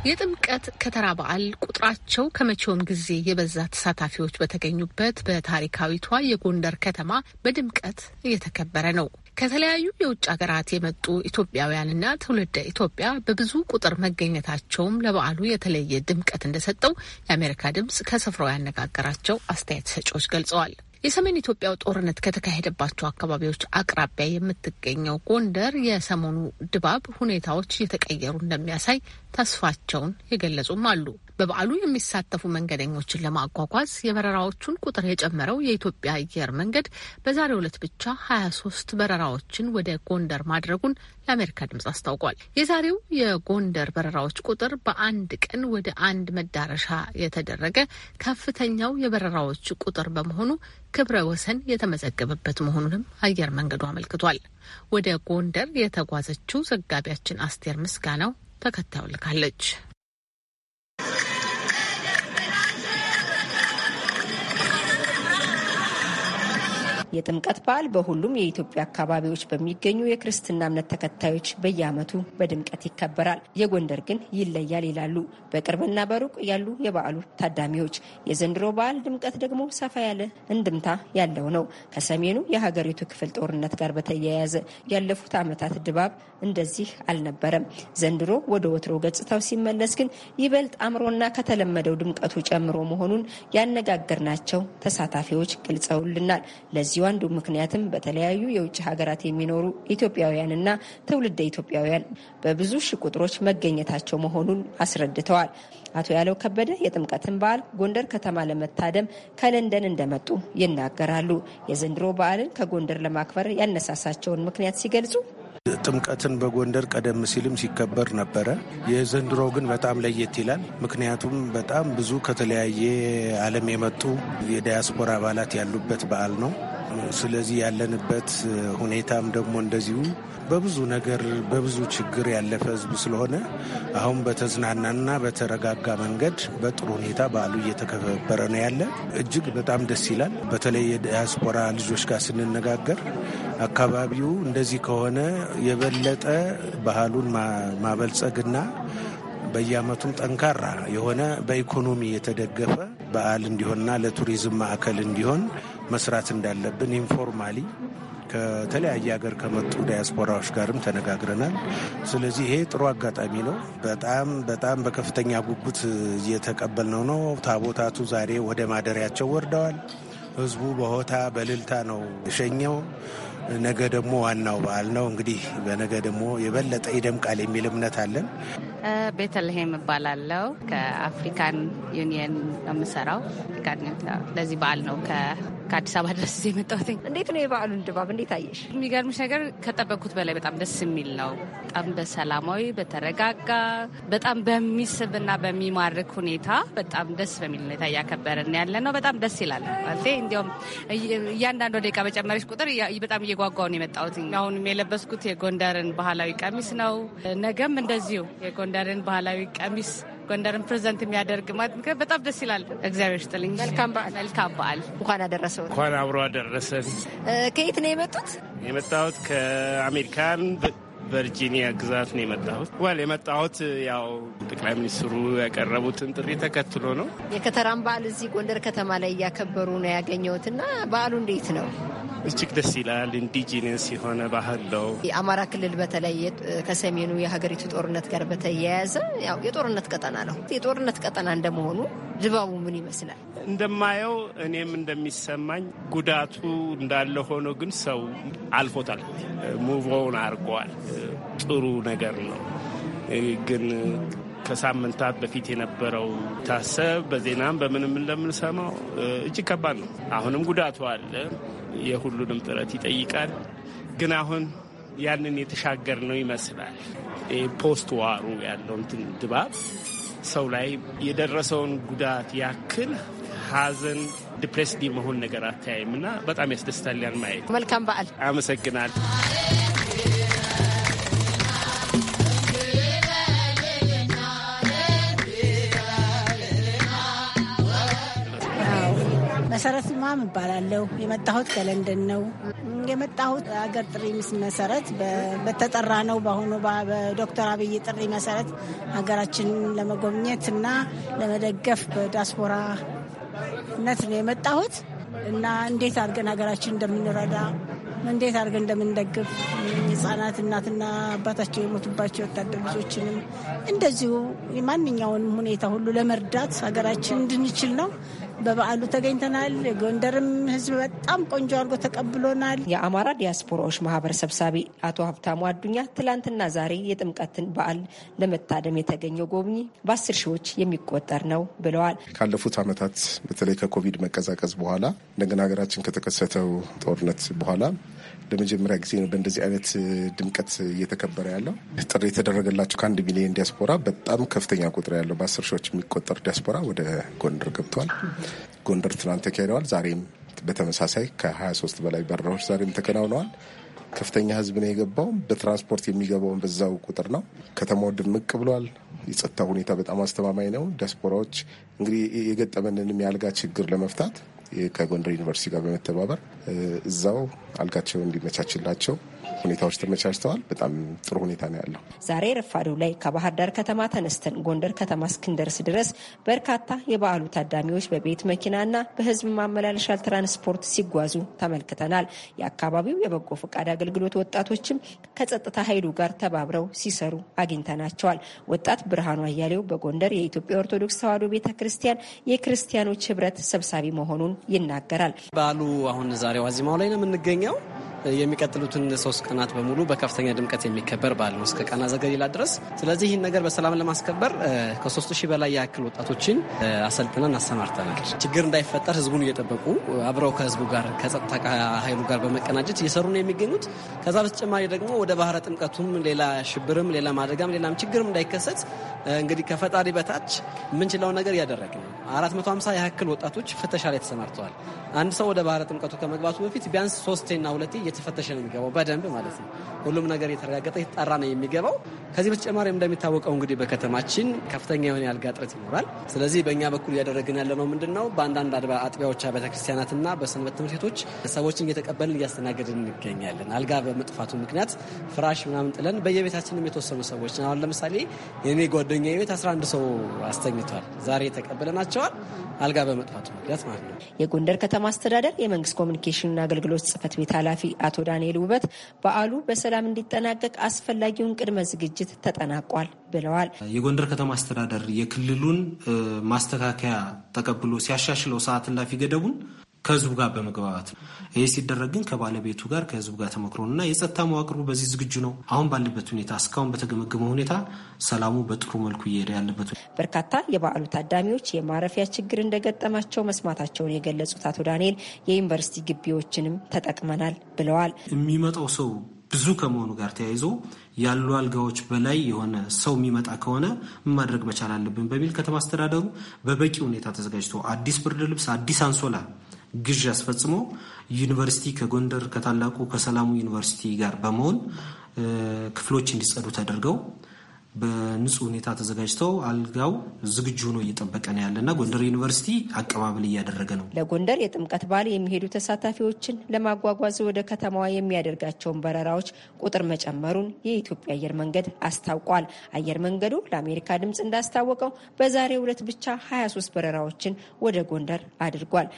የጥምቀት ከተራ በዓል ቁጥራቸው ከመቼውም ጊዜ የበዛ ተሳታፊዎች በተገኙበት በታሪካዊቷ የጎንደር ከተማ በድምቀት እየተከበረ ነው። ከተለያዩ የውጭ ሀገራት የመጡ ኢትዮጵያውያንና ትውልደ ኢትዮጵያ በብዙ ቁጥር መገኘታቸውም ለበዓሉ የተለየ ድምቀት እንደሰጠው የአሜሪካ ድምጽ ከስፍራው ያነጋገራቸው አስተያየት ሰጪዎች ገልጸዋል። የሰሜን ኢትዮጵያው ጦርነት ከተካሄደባቸው አካባቢዎች አቅራቢያ የምትገኘው ጎንደር የሰሞኑ ድባብ ሁኔታዎች እየተቀየሩ እንደሚያሳይ ተስፋቸውን የገለጹም አሉ። በበዓሉ የሚሳተፉ መንገደኞችን ለማጓጓዝ የበረራዎቹን ቁጥር የጨመረው የኢትዮጵያ አየር መንገድ በዛሬ ዕለት ብቻ 23 በረራዎችን ወደ ጎንደር ማድረጉን ለአሜሪካ ድምጽ አስታውቋል። የዛሬው የጎንደር በረራዎች ቁጥር በአንድ ቀን ወደ አንድ መዳረሻ የተደረገ ከፍተኛው የበረራዎች ቁጥር በመሆኑ ክብረ ወሰን የተመዘገበበት መሆኑንም አየር መንገዱ አመልክቷል። ወደ ጎንደር የተጓዘችው ዘጋቢያችን አስቴር ምስጋናው ተከታዩ ልካለች። የጥምቀት በዓል በሁሉም የኢትዮጵያ አካባቢዎች በሚገኙ የክርስትና እምነት ተከታዮች በየዓመቱ በድምቀት ይከበራል። የጎንደር ግን ይለያል ይላሉ በቅርብና በሩቅ ያሉ የበዓሉ ታዳሚዎች። የዘንድሮ በዓል ድምቀት ደግሞ ሰፋ ያለ እንድምታ ያለው ነው። ከሰሜኑ የሀገሪቱ ክፍል ጦርነት ጋር በተያያዘ ያለፉት ዓመታት ድባብ እንደዚህ አልነበረም። ዘንድሮ ወደ ወትሮ ገጽታው ሲመለስ ግን ይበልጥ አምሮና ከተለመደው ድምቀቱ ጨምሮ መሆኑን ያነጋገርናቸው ተሳታፊዎች ገልጸውልናል። ለዚሁ ለዚሁ አንዱ ምክንያትም በተለያዩ የውጭ ሀገራት የሚኖሩ ኢትዮጵያውያንና ትውልደ ኢትዮጵያውያን በብዙ ሺ ቁጥሮች መገኘታቸው መሆኑን አስረድተዋል። አቶ ያለው ከበደ የጥምቀትን በዓል ጎንደር ከተማ ለመታደም ከለንደን እንደመጡ ይናገራሉ። የዘንድሮ በዓልን ከጎንደር ለማክበር ያነሳሳቸውን ምክንያት ሲገልጹ ጥምቀትን በጎንደር ቀደም ሲልም ሲከበር ነበረ። የዘንድሮ ግን በጣም ለየት ይላል። ምክንያቱም በጣም ብዙ ከተለያየ ዓለም የመጡ የዲያስፖራ አባላት ያሉበት በዓል ነው። ስለዚህ ያለንበት ሁኔታም ደግሞ እንደዚሁ በብዙ ነገር በብዙ ችግር ያለፈ ህዝብ ስለሆነ አሁን በተዝናናና በተረጋጋ መንገድ በጥሩ ሁኔታ በዓሉ እየተከበረ ነው ያለ። እጅግ በጣም ደስ ይላል። በተለይ የዲያስፖራ ልጆች ጋር ስንነጋገር አካባቢው እንደዚህ ከሆነ የበለጠ ባህሉን ማበልጸግና በየአመቱም ጠንካራ የሆነ በኢኮኖሚ የተደገፈ በዓል እንዲሆንና ለቱሪዝም ማዕከል እንዲሆን መስራት እንዳለብን ኢንፎርማሊ ከተለያየ ሀገር ከመጡ ዲያስፖራዎች ጋርም ተነጋግረናል። ስለዚህ ይሄ ጥሩ አጋጣሚ ነው። በጣም በጣም በከፍተኛ ጉጉት እየተቀበልነው ነው። ታቦታቱ ዛሬ ወደ ማደሪያቸው ወርደዋል። ህዝቡ በሆታ በልልታ ነው የሸኘው። ነገ ደግሞ ዋናው በዓል ነው። እንግዲህ በነገ ደግሞ የበለጠ ይደምቃል የሚል እምነት አለን። ቤተልሔም እባላለሁ። ከአፍሪካን ዩኒየን ነው የምሰራው። ለዚህ በዓል ነው ከአዲስ አበባ ድረስ እዚህ የመጣሁት። እንዴት ነው የበዓሉን ድባብ እንዴት አየሽ? የሚገርምሽ ነገር ከጠበቅኩት በላይ በጣም ደስ የሚል ነው። በጣም በሰላማዊ በተረጋጋ በጣም በሚስብና በሚማርክ ሁኔታ በጣም ደስ በሚል ሁኔታ እያከበርን ያለ ነው። በጣም ደስ ይላል። ማለቴ እንዲያውም እያንዳንዱ ደቂቃ በጨመረች ቁጥር በጣም እየጓጓሁ ነው የመጣሁት። አሁንም የለበስኩት የጎንደርን ባህላዊ ቀሚስ ነው። ነገም እንደዚሁ የጎንደርን ባህላዊ ቀሚስ ጎንደርን ፕሬዘንት የሚያደርግ በጣም ደስ ይላል። እግዚአብሔር ይስጥልኝ። መልካም በዓል መልካም በዓል። እንኳን አደረሰው። እንኳን አብሮ አደረሰን። ከየት ነው የመጡት? የመጣሁት ከአሜሪካን ቨርጂኒያ ግዛት ነው የመጣሁት። ዋል የመጣሁት ያው ጠቅላይ ሚኒስትሩ ያቀረቡትን ጥሪ ተከትሎ ነው። የከተራን በዓል እዚህ ጎንደር ከተማ ላይ እያከበሩ ነው ያገኘሁት እና በዓሉ እንዴት ነው? እጅግ ደስ ይላል። ኢንዲጂነስ የሆነ ባህል ነው። የአማራ ክልል በተለይ ከሰሜኑ የሀገሪቱ ጦርነት ጋር በተያያዘ ያው የጦርነት ቀጠና ነው። የጦርነት ቀጠና እንደመሆኑ ድባቡ ምን ይመስላል? እንደማየው እኔም እንደሚሰማኝ ጉዳቱ እንዳለ ሆኖ ግን ሰው አልፎታል፣ ሙቮውን አድርገዋል። ጥሩ ነገር ነው። ግን ከሳምንታት በፊት የነበረው ታሰብ በዜናም በምንም እንደምንሰማው እጅግ ከባድ ነው። አሁንም ጉዳቱ አለ። የሁሉንም ጥረት ይጠይቃል። ግን አሁን ያንን የተሻገር ነው ይመስላል። ፖስት ዋሩ ያለውን ድባብ ሰው ላይ የደረሰውን ጉዳት ያክል ሀዘን ዲፕሬስድ መሆን ነገር አታያይም እና በጣም ያስደስታል ያን ማየት። መልካም በዓል። አመሰግናል። መሰረት ማም እባላለሁ። የመጣሁት ከለንደን ነው። የመጣሁት አገር ጥሪ መሰረት በተጠራ ነው። በአሁኑ በዶክተር አብይ ጥሪ መሰረት ሀገራችንን ለመጎብኘት እና ለመደገፍ በዲያስፖራ እነት ነው የመጣሁት እና እንዴት አድርገን ሀገራችን እንደምንረዳ እንዴት አድርገን እንደምንደግፍ ህጻናት እናትና አባታቸው የሞቱባቸው ወታደር ልጆችንም እንደዚሁ ማንኛውንም ሁኔታ ሁሉ ለመርዳት ሀገራችን እንድንችል ነው። በበዓሉ ተገኝተናል። የጎንደርም ህዝብ በጣም ቆንጆ አድርጎ ተቀብሎናል። የአማራ ዲያስፖራዎች ማህበር ሰብሳቢ አቶ ሀብታሙ አዱኛ ትላንትና ዛሬ የጥምቀትን በዓል ለመታደም የተገኘው ጎብኚ በአስር ሺዎች የሚቆጠር ነው ብለዋል። ካለፉት ዓመታት በተለይ ከኮቪድ መቀዛቀዝ በኋላ እንደገና ሀገራችን ከተከሰተው ጦርነት በኋላ ለመጀመሪያ ጊዜ ነው በእንደዚህ አይነት ድምቀት እየተከበረ ያለው። ጥሪ የተደረገላቸው ከአንድ ሚሊዮን ዲያስፖራ በጣም ከፍተኛ ቁጥር ያለው በአስር ሺዎች የሚቆጠር ዲያስፖራ ወደ ጎንደር ገብተዋል። ጎንደር ትናንት ተካሂደዋል። ዛሬም በተመሳሳይ ከ23 በላይ በረራዎች ዛሬም ተከናውነዋል። ከፍተኛ ህዝብ ነው የገባው። በትራንስፖርት የሚገባውን በዛው ቁጥር ነው። ከተማው ድምቅ ብሏል። የጸጥታ ሁኔታ በጣም አስተማማኝ ነው። ዲያስፖራዎች እንግዲህ የገጠመንንም የአልጋ ችግር ለመፍታት ከጎንደር ዩኒቨርሲቲ ጋር በመተባበር እዛው አልጋቸው እንዲመቻችላቸው ሁኔታዎች ተመቻችተዋል። በጣም ጥሩ ሁኔታ ነው ያለው። ዛሬ ረፋዱ ላይ ከባህር ዳር ከተማ ተነስተን ጎንደር ከተማ እስክንደርስ ድረስ በርካታ የበዓሉ ታዳሚዎች በቤት መኪናና በህዝብ ማመላለሻ ትራንስፖርት ሲጓዙ ተመልክተናል። የአካባቢው የበጎ ፈቃድ አገልግሎት ወጣቶችም ከጸጥታ ኃይሉ ጋር ተባብረው ሲሰሩ አግኝተናቸዋል። ወጣት ብርሃኑ አያሌው በጎንደር የኢትዮጵያ ኦርቶዶክስ ተዋሕዶ ቤተ ክርስቲያን የክርስቲያኖች ህብረት ሰብሳቢ መሆኑን ይናገራል። በዓሉ አሁን ዛሬ ዋዜማው ላይ ነው የምንገኘው። የሚቀጥሉትን ሶስት ቀናት በሙሉ በከፍተኛ ድምቀት የሚከበር በዓል ነው እስከ ቃና ዘገሊላ ድረስ። ስለዚህ ይህን ነገር በሰላም ለማስከበር ከሶስት ሺህ በላይ ያክል ወጣቶችን አሰልጥነን አሰማርተናል። ችግር እንዳይፈጠር ህዝቡን እየጠበቁ አብረው ከህዝቡ ጋር ከጸጥታ ኃይሉ ጋር በመቀናጀት እየሰሩ ነው የሚገኙት። ከዛ በተጨማሪ ደግሞ ወደ ባህረ ጥምቀቱም ሌላ ሽብርም፣ ሌላ ማደጋም፣ ሌላም ችግርም እንዳይከሰት እንግዲህ ከፈጣሪ በታች የምንችለው ነገር እያደረግ ነው። 450 ያክል ወጣቶች ፍተሻ ላይ ተሰማርተዋል። አንድ ሰው ወደ ባህረ ጥምቀቱ ከመግባቱ በፊት ቢያንስ ሶስቴና ሁለቴ እየተፈተሸ ነው የሚገባው በደንብ ማለት ነው። ሁሉም ነገር የተረጋገጠ የተጣራ ነው የሚገባው። ከዚህ በተጨማሪ እንደሚታወቀው እንግዲህ በከተማችን ከፍተኛ የሆነ የአልጋ እጥረት ይኖራል። ስለዚህ በእኛ በኩል እያደረግን ያለ ነው ምንድን ነው በአንዳንድ አጥቢያዎች ቤተክርስቲያናትና በሰንበት ትምህርት ቤቶች ሰዎችን እየተቀበልን እያስተናገድን እንገኛለን። አልጋ በመጥፋቱ ምክንያት ፍራሽ ምናምን ጥለን በየቤታችንም የተወሰኑ ሰዎች አሁን ለምሳሌ የኔ ጓደኛ ቤት 11 ሰው አስተኝቷል። ዛሬ የተቀበለናቸዋል አልጋ በመጥፋቱ ምክንያት ማለት ነው። የጎንደር ከተማ አስተዳደር የመንግስት ኮሚኒኬሽንና አገልግሎት ጽህፈት ቤት ኃላፊ አቶ ዳንኤል ውበት በዓሉ በሰላም እንዲጠናቀቅ አስፈላጊውን ቅድመ ዝግጅት ተጠናቋል ብለዋል። የጎንደር ከተማ አስተዳደር የክልሉን ማስተካከያ ተቀብሎ ሲያሻሽለው ሰዓት እላፊ ገደቡን ከህዝቡ ጋር በመግባባት ነው። ይህ ሲደረግ ግን ከባለቤቱ ጋር ከህዝቡ ጋር ተመክሮና የጸጥታ መዋቅሩ በዚህ ዝግጁ ነው። አሁን ባለበት ሁኔታ እስካሁን በተገመገመ ሁኔታ ሰላሙ በጥሩ መልኩ እየሄደ ያለበት። በርካታ የበዓሉ ታዳሚዎች የማረፊያ ችግር እንደገጠማቸው መስማታቸውን የገለጹት አቶ ዳንኤል የዩኒቨርሲቲ ግቢዎችንም ተጠቅመናል ብለዋል። የሚመጣው ሰው ብዙ ከመሆኑ ጋር ተያይዞ ያሉ አልጋዎች በላይ የሆነ ሰው የሚመጣ ከሆነ ማድረግ መቻል አለብን በሚል ከተማ አስተዳደሩ በበቂ ሁኔታ ተዘጋጅቶ አዲስ ብርድ ልብስ፣ አዲስ አንሶላ ግዥ አስፈጽሞ ዩኒቨርሲቲ ከጎንደር ከታላቁ ከሰላሙ ዩኒቨርሲቲ ጋር በመሆን ክፍሎች እንዲጸዱ ተደርገው በንጹህ ሁኔታ ተዘጋጅተው አልጋው ዝግጁ ሆኖ እየጠበቀ ነው ያለና ጎንደር ዩኒቨርሲቲ አቀባበል እያደረገ ነው። ለጎንደር የጥምቀት በዓል የሚሄዱ ተሳታፊዎችን ለማጓጓዝ ወደ ከተማዋ የሚያደርጋቸውን በረራዎች ቁጥር መጨመሩን የኢትዮጵያ አየር መንገድ አስታውቋል። አየር መንገዱ ለአሜሪካ ድምፅ እንዳስታወቀው በዛሬው ዕለት ብቻ 23 በረራዎችን ወደ ጎንደር አድርጓል።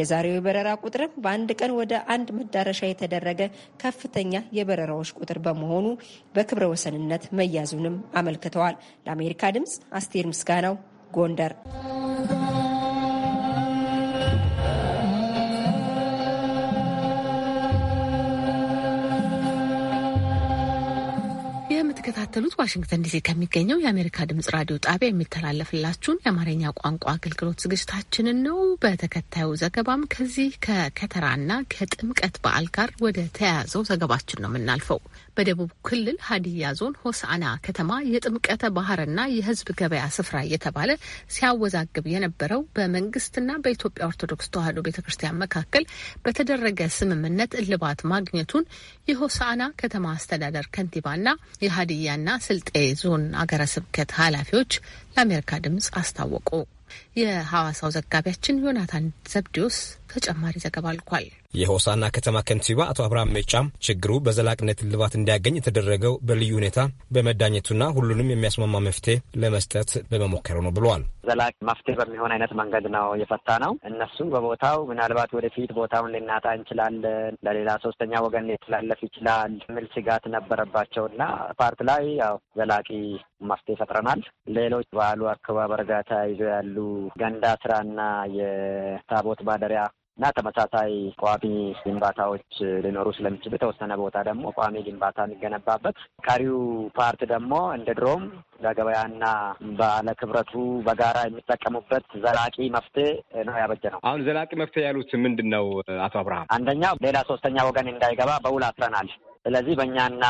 የዛሬው የበረራ ቁጥርም በአንድ ቀን ወደ አንድ መዳረሻ የተደረገ ከፍተኛ የበረራዎች ቁጥር በመሆኑ በክብረ ወሰንነት መያዙንም አመልክተዋል። ለአሜሪካ ድምፅ አስቴር ምስጋናው ጎንደር የምትከታተሉት ዋሽንግተን ዲሲ ከሚገኘው የአሜሪካ ድምጽ ራዲዮ ጣቢያ የሚተላለፍላችሁን የአማርኛ ቋንቋ አገልግሎት ዝግጅታችንን ነው። በተከታዩ ዘገባም ከዚህ ከከተራና ከጥምቀት በዓል ጋር ወደ ተያያዘው ዘገባችን ነው የምናልፈው። በደቡብ ክልል ሀዲያ ዞን ሆሳና ከተማ የጥምቀተ ባህርና የህዝብ ገበያ ስፍራ እየተባለ ሲያወዛግብ የነበረው በመንግስትና በኢትዮጵያ ኦርቶዶክስ ተዋህዶ ቤተ ክርስቲያን መካከል በተደረገ ስምምነት እልባት ማግኘቱን የሆሳና ከተማ አስተዳደር ከንቲባና የሀዲያና ስልጤ ዞን አገረ ስብከት ኃላፊዎች ለአሜሪካ ድምጽ አስታወቁ። የሐዋሳው ዘጋቢያችን ዮናታን ዘብዲዮስ ተጨማሪ ዘገባ አልኳል። የሆሳና ከተማ ከንቲባ አቶ አብርሃም ሜጫም ችግሩ በዘላቅነት እልባት እንዲያገኝ የተደረገው በልዩ ሁኔታ በመዳኘቱና ሁሉንም የሚያስማማ መፍትሄ ለመስጠት በመሞከሩ ነው ብለዋል። ዘላቂ መፍትሄ በሚሆን አይነት መንገድ ነው የፈታ ነው። እነሱ በቦታው ምናልባት ወደፊት ቦታውን ልናጣ እንችላለን፣ ለሌላ ሶስተኛ ወገን ሊተላለፍ ይችላል የሚል ስጋት ነበረባቸው እና ፓርት ላይ ያው ዘላቂ መፍትሄ ፈጥረናል። ሌሎች በዓሉ አከባበር ጋር ያሉ ገንዳ ስራና የታቦት ማደሪያ እና ተመሳሳይ ቋሚ ግንባታዎች ሊኖሩ ስለሚችሉ የተወሰነ ቦታ ደግሞ ቋሚ ግንባታ የሚገነባበት ቀሪው ፓርት ደግሞ እንደ ድሮም ለገበያና ባለ ክብረቱ በጋራ የሚጠቀሙበት ዘላቂ መፍትሄ ነው ያበጀ ነው። አሁን ዘላቂ መፍትሄ ያሉት ምንድን ነው አቶ አብርሃም? አንደኛው ሌላ ሶስተኛ ወገን እንዳይገባ በውል አስረናል። ስለዚህ በእኛና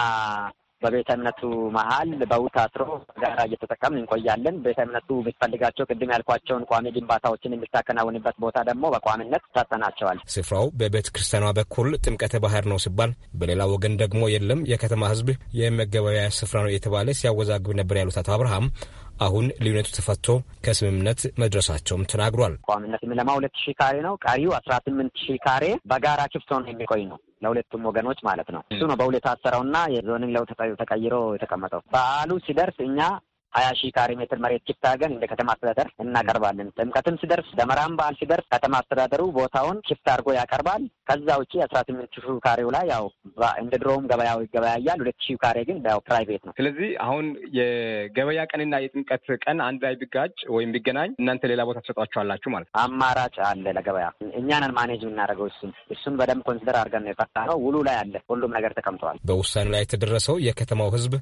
በቤተ እምነቱ መሀል በው ታስሮ ጋራ እየተጠቀምን እንቆያለን። ቤተ እምነቱ የሚፈልጋቸው ቅድም ያልኳቸውን ቋሚ ግንባታዎችን የሚታከናውንበት ቦታ ደግሞ በቋሚነት ሰጠናቸዋል። ስፍራው በቤተ ክርስቲያኗ በኩል ጥምቀተ ባህር ነው ሲባል፣ በሌላ ወገን ደግሞ የለም የከተማ ህዝብ የመገበያያ ስፍራ ነው የተባለ ሲያወዛግብ ነበር ያሉት አቶ አብርሃም አሁን ልዩነቱ ተፈቶ ከስምምነት መድረሳቸውም ተናግሯል። ቋሚነት የምለማ ሁለት ሺህ ካሬ ነው። ቀሪው አስራ ስምንት ሺህ ካሬ በጋራ ክፍት ሆኖ የሚቆይ ነው ለሁለቱም ወገኖች ማለት ነው። እሱ ነው በሁለት አሰረውና የዞንን ለውጥ ተቀይሮ የተቀመጠው። በዓሉ ሲደርስ እኛ ሀያ ሺህ ካሬ ሜትር መሬት ኪፍት እንደ ከተማ አስተዳደር እናቀርባለን። ጥምቀትም ሲደርስ ደመራም በዓል ሲደርስ ከተማ አስተዳደሩ ቦታውን ኪፍት አድርጎ ያቀርባል። ከዛ ውጭ አስራ ስምንት ሺህ ካሬው ላይ ያው እንደ ድሮውም ገበያው ይገበያያል። ሁለት ሺህ ካሬ ግን ያው ፕራይቬት ነው። ስለዚህ አሁን የገበያ ቀንና የጥምቀት ቀን አንድ ላይ ቢጋጭ ወይም ቢገናኝ እናንተ ሌላ ቦታ ትሰጧቸዋላችሁ ማለት ነው። አማራጭ አለ ለገበያ እኛንን ማኔጅ የምናደርገው እሱን እሱን በደንብ ኮንሲደር አድርገን ነው ነው። ውሉ ላይ አለ ሁሉም ነገር ተቀምጠዋል። በውሳኔ ላይ የተደረሰው የከተማው ህዝብ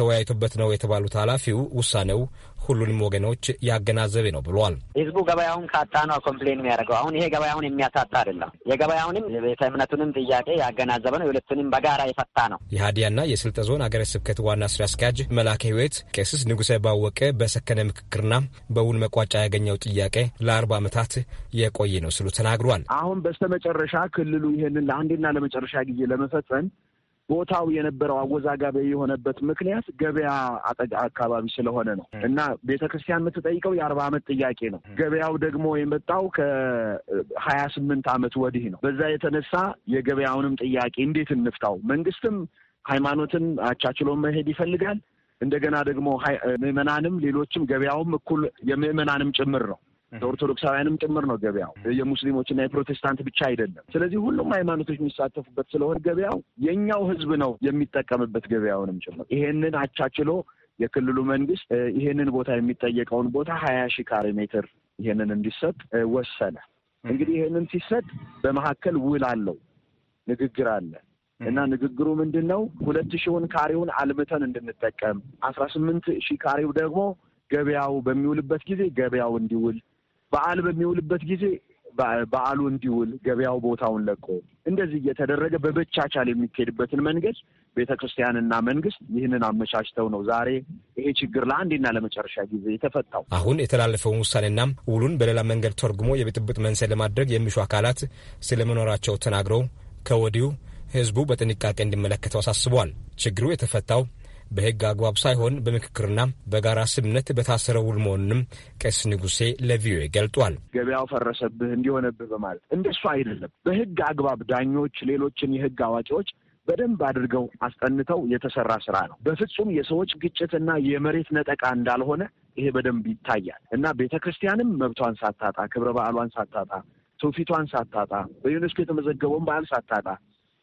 ተወያይቶበት ነው የተባሉት ኃላፊው ውሳኔው ሁሉንም ወገኖች ያገናዘበ ነው ብሏል። ህዝቡ ገበያውን ካጣ ነው ኮምፕሌን የሚያደርገው። አሁን ይሄ ገበያውን የሚያሳጣ አይደለም። የገበያውንም ቤተ እምነቱንም ጥያቄ ያገናዘበ ነው። የሁለቱንም በጋራ የፈታ ነው። የሀዲያና የስልጠ ዞን አገረ ስብከት ዋና ስራ አስኪያጅ መላከ ህይወት ቄስስ ንጉሰ ባወቀ በሰከነ ምክክርና በውል መቋጫ ያገኘው ጥያቄ ለአርባ ዓመታት የቆየ ነው ስሉ ተናግሯል። አሁን በስተመጨረሻ ክልሉ ይህንን ለአንዴና ለመጨረሻ ጊዜ ለመፈጸም ቦታው የነበረው አወዛጋቢ የሆነበት ምክንያት ገበያ አጠጋ አካባቢ ስለሆነ ነው እና ቤተ ክርስቲያን የምትጠይቀው የአርባ ዓመት ጥያቄ ነው። ገበያው ደግሞ የመጣው ከሀያ ስምንት ዓመት ወዲህ ነው። በዛ የተነሳ የገበያውንም ጥያቄ እንዴት እንፍታው? መንግስትም ሃይማኖትን አቻችሎ መሄድ ይፈልጋል። እንደገና ደግሞ ምዕመናንም ሌሎችም ገበያውም እኩል የምዕመናንም ጭምር ነው ለኦርቶዶክሳውያንም ጭምር ነው ገበያው። የሙስሊሞችና የፕሮቴስታንት ብቻ አይደለም። ስለዚህ ሁሉም ሃይማኖቶች የሚሳተፉበት ስለሆነ ገበያው የእኛው ህዝብ ነው የሚጠቀምበት ገበያውንም ጭምር ይሄንን አቻችሎ የክልሉ መንግስት ይሄንን ቦታ የሚጠየቀውን ቦታ ሀያ ሺህ ካሬ ሜትር ይሄንን እንዲሰጥ ወሰነ። እንግዲህ ይሄንን ሲሰጥ በመካከል ውል አለው፣ ንግግር አለ እና ንግግሩ ምንድን ነው? ሁለት ሺውን ካሬውን አልምተን እንድንጠቀም አስራ ስምንት ሺህ ካሬው ደግሞ ገበያው በሚውልበት ጊዜ ገበያው እንዲውል በዓል በሚውልበት ጊዜ በዓሉ እንዲውል ገበያው ቦታውን ለቆ እንደዚህ እየተደረገ በመቻቻል የሚካሄድበትን መንገድ ቤተ ክርስቲያንና መንግስት ይህንን አመቻችተው ነው ዛሬ ይሄ ችግር ለአንዴና ለመጨረሻ ጊዜ የተፈታው። አሁን የተላለፈውን ውሳኔና ውሉን በሌላ መንገድ ተርጉሞ የብጥብጥ መንስኤ ለማድረግ የሚሹ አካላት ስለመኖራቸው ተናግረው ከወዲሁ ህዝቡ በጥንቃቄ እንዲመለከተው አሳስቧል። ችግሩ የተፈታው በህግ አግባብ ሳይሆን በምክክርና በጋራ ስምነት በታሰረ ውል መሆኑንም ቄስ ንጉሴ ለቪኦኤ ገልጧል። ገበያው ፈረሰብህ እንዲሆነብህ በማለት እንደሱ አይደለም። በህግ አግባብ ዳኞች፣ ሌሎችን የህግ አዋቂዎች በደንብ አድርገው አስጠንተው የተሰራ ስራ ነው። በፍጹም የሰዎች ግጭትና የመሬት ነጠቃ እንዳልሆነ ይሄ በደንብ ይታያል እና ቤተ ክርስቲያንም መብቷን ሳታጣ፣ ክብረ በዓሏን ሳታጣ፣ ትውፊቷን ሳታጣ፣ በዩኔስኮ የተመዘገበውን በዓል ሳታጣ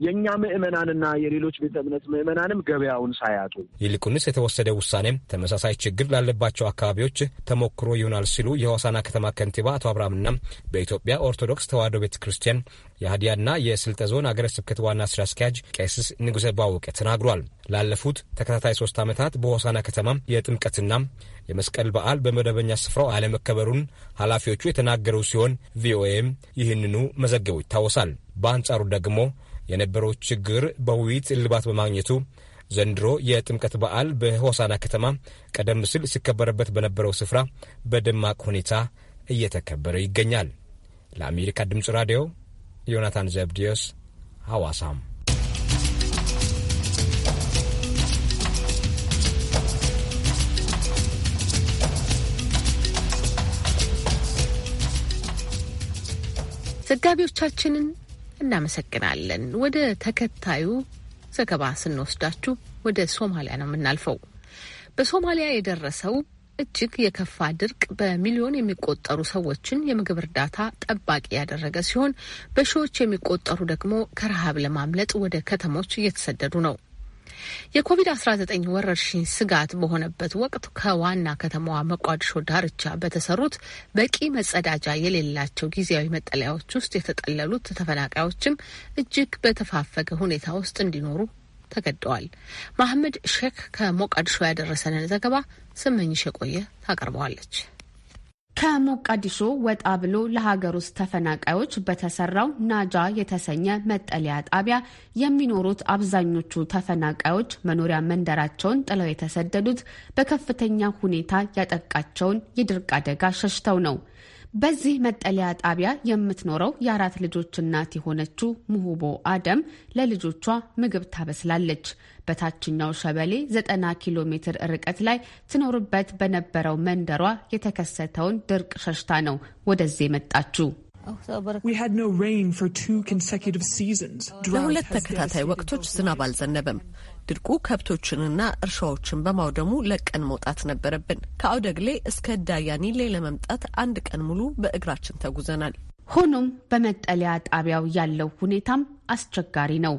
የእኛ ምዕመናንና የሌሎች ቤተ እምነት ምዕመናንም ገበያውን ሳያጡ ይልቁንስ የተወሰደ ውሳኔም ተመሳሳይ ችግር ላለባቸው አካባቢዎች ተሞክሮ ይሆናል ሲሉ የሆሳና ከተማ ከንቲባ አቶ አብርሃምና በኢትዮጵያ ኦርቶዶክስ ተዋሕዶ ቤተ ክርስቲያን የሀዲያና የስልጠ ዞን አገረ ስብከት ዋና ስራ አስኪያጅ ቄስስ ንጉሰ ባወቀ ተናግሯል። ላለፉት ተከታታይ ሶስት ዓመታት በሆሳና ከተማ የጥምቀትና የመስቀል በዓል በመደበኛ ስፍራው አለመከበሩን ኃላፊዎቹ የተናገሩ ሲሆን ቪኦኤም ይህንኑ መዘገቡ ይታወሳል። በአንጻሩ ደግሞ የነበረው ችግር በውይይት እልባት በማግኘቱ ዘንድሮ የጥምቀት በዓል በሆሳና ከተማ ቀደም ሲል ሲከበረበት በነበረው ስፍራ በደማቅ ሁኔታ እየተከበረ ይገኛል። ለአሜሪካ ድምፅ ራዲዮ ዮናታን ዘብድዮስ ሐዋሳም ዘጋቢዎቻችንን እናመሰግናለን። ወደ ተከታዩ ዘገባ ስንወስዳችሁ ወደ ሶማሊያ ነው የምናልፈው። በሶማሊያ የደረሰው እጅግ የከፋ ድርቅ በሚሊዮን የሚቆጠሩ ሰዎችን የምግብ እርዳታ ጠባቂ ያደረገ ሲሆን በሺዎች የሚቆጠሩ ደግሞ ከረሃብ ለማምለጥ ወደ ከተሞች እየተሰደዱ ነው። የኮቪድ-19 ወረርሽኝ ስጋት በሆነበት ወቅት ከዋና ከተማዋ መቋድሾ ዳርቻ በተሰሩት በቂ መጸዳጃ የሌላቸው ጊዜያዊ መጠለያዎች ውስጥ የተጠለሉት ተፈናቃዮችም እጅግ በተፋፈገ ሁኔታ ውስጥ እንዲኖሩ ተገደዋል። መሐመድ ሼክ ከሞቃዲሾ ያደረሰንን ዘገባ ስመኝሽ የቆየ ታቀርበዋለች። ከሞቃዲሾ ወጣ ብሎ ለሀገር ውስጥ ተፈናቃዮች በተሰራው ናጃ የተሰኘ መጠለያ ጣቢያ የሚኖሩት አብዛኞቹ ተፈናቃዮች መኖሪያ መንደራቸውን ጥለው የተሰደዱት በከፍተኛ ሁኔታ ያጠቃቸውን የድርቅ አደጋ ሸሽተው ነው። በዚህ መጠለያ ጣቢያ የምትኖረው የአራት ልጆች እናት የሆነችው ምሁቦ አደም ለልጆቿ ምግብ ታበስላለች። በታችኛው ሸበሌ 90 ኪሎ ሜትር ርቀት ላይ ትኖርበት በነበረው መንደሯ የተከሰተውን ድርቅ ሸሽታ ነው ወደዚህ የመጣችው። ለሁለት ተከታታይ ወቅቶች ዝናብ አልዘነበም። ድርቁ ከብቶችንና እርሻዎችን በማውደሙ ለቀን መውጣት ነበረብን። ከአውደግሌ እስከ ዳያኒሌ ለመምጣት አንድ ቀን ሙሉ በእግራችን ተጉዘናል። ሆኖም በመጠለያ ጣቢያው ያለው ሁኔታም አስቸጋሪ ነው።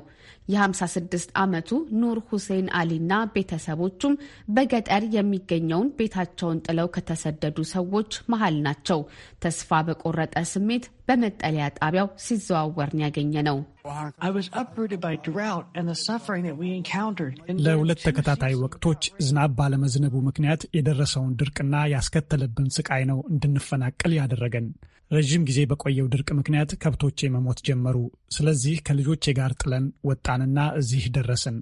የ56 ዓመቱ ኑር ሁሴን አሊና ቤተሰቦቹም በገጠር የሚገኘውን ቤታቸውን ጥለው ከተሰደዱ ሰዎች መሀል ናቸው። ተስፋ በቆረጠ ስሜት በመጠለያ ጣቢያው ሲዘዋወርን ያገኘ ነው። ለሁለት ተከታታይ ወቅቶች ዝናብ ባለመዝነቡ ምክንያት የደረሰውን ድርቅና ያስከተለብን ስቃይ ነው እንድንፈናቀል ያደረገን። ረዥም ጊዜ በቆየው ድርቅ ምክንያት ከብቶቼ መሞት ጀመሩ። ስለዚህ ከልጆቼ ጋር ጥለን ወጣንና እዚህ ደረስን።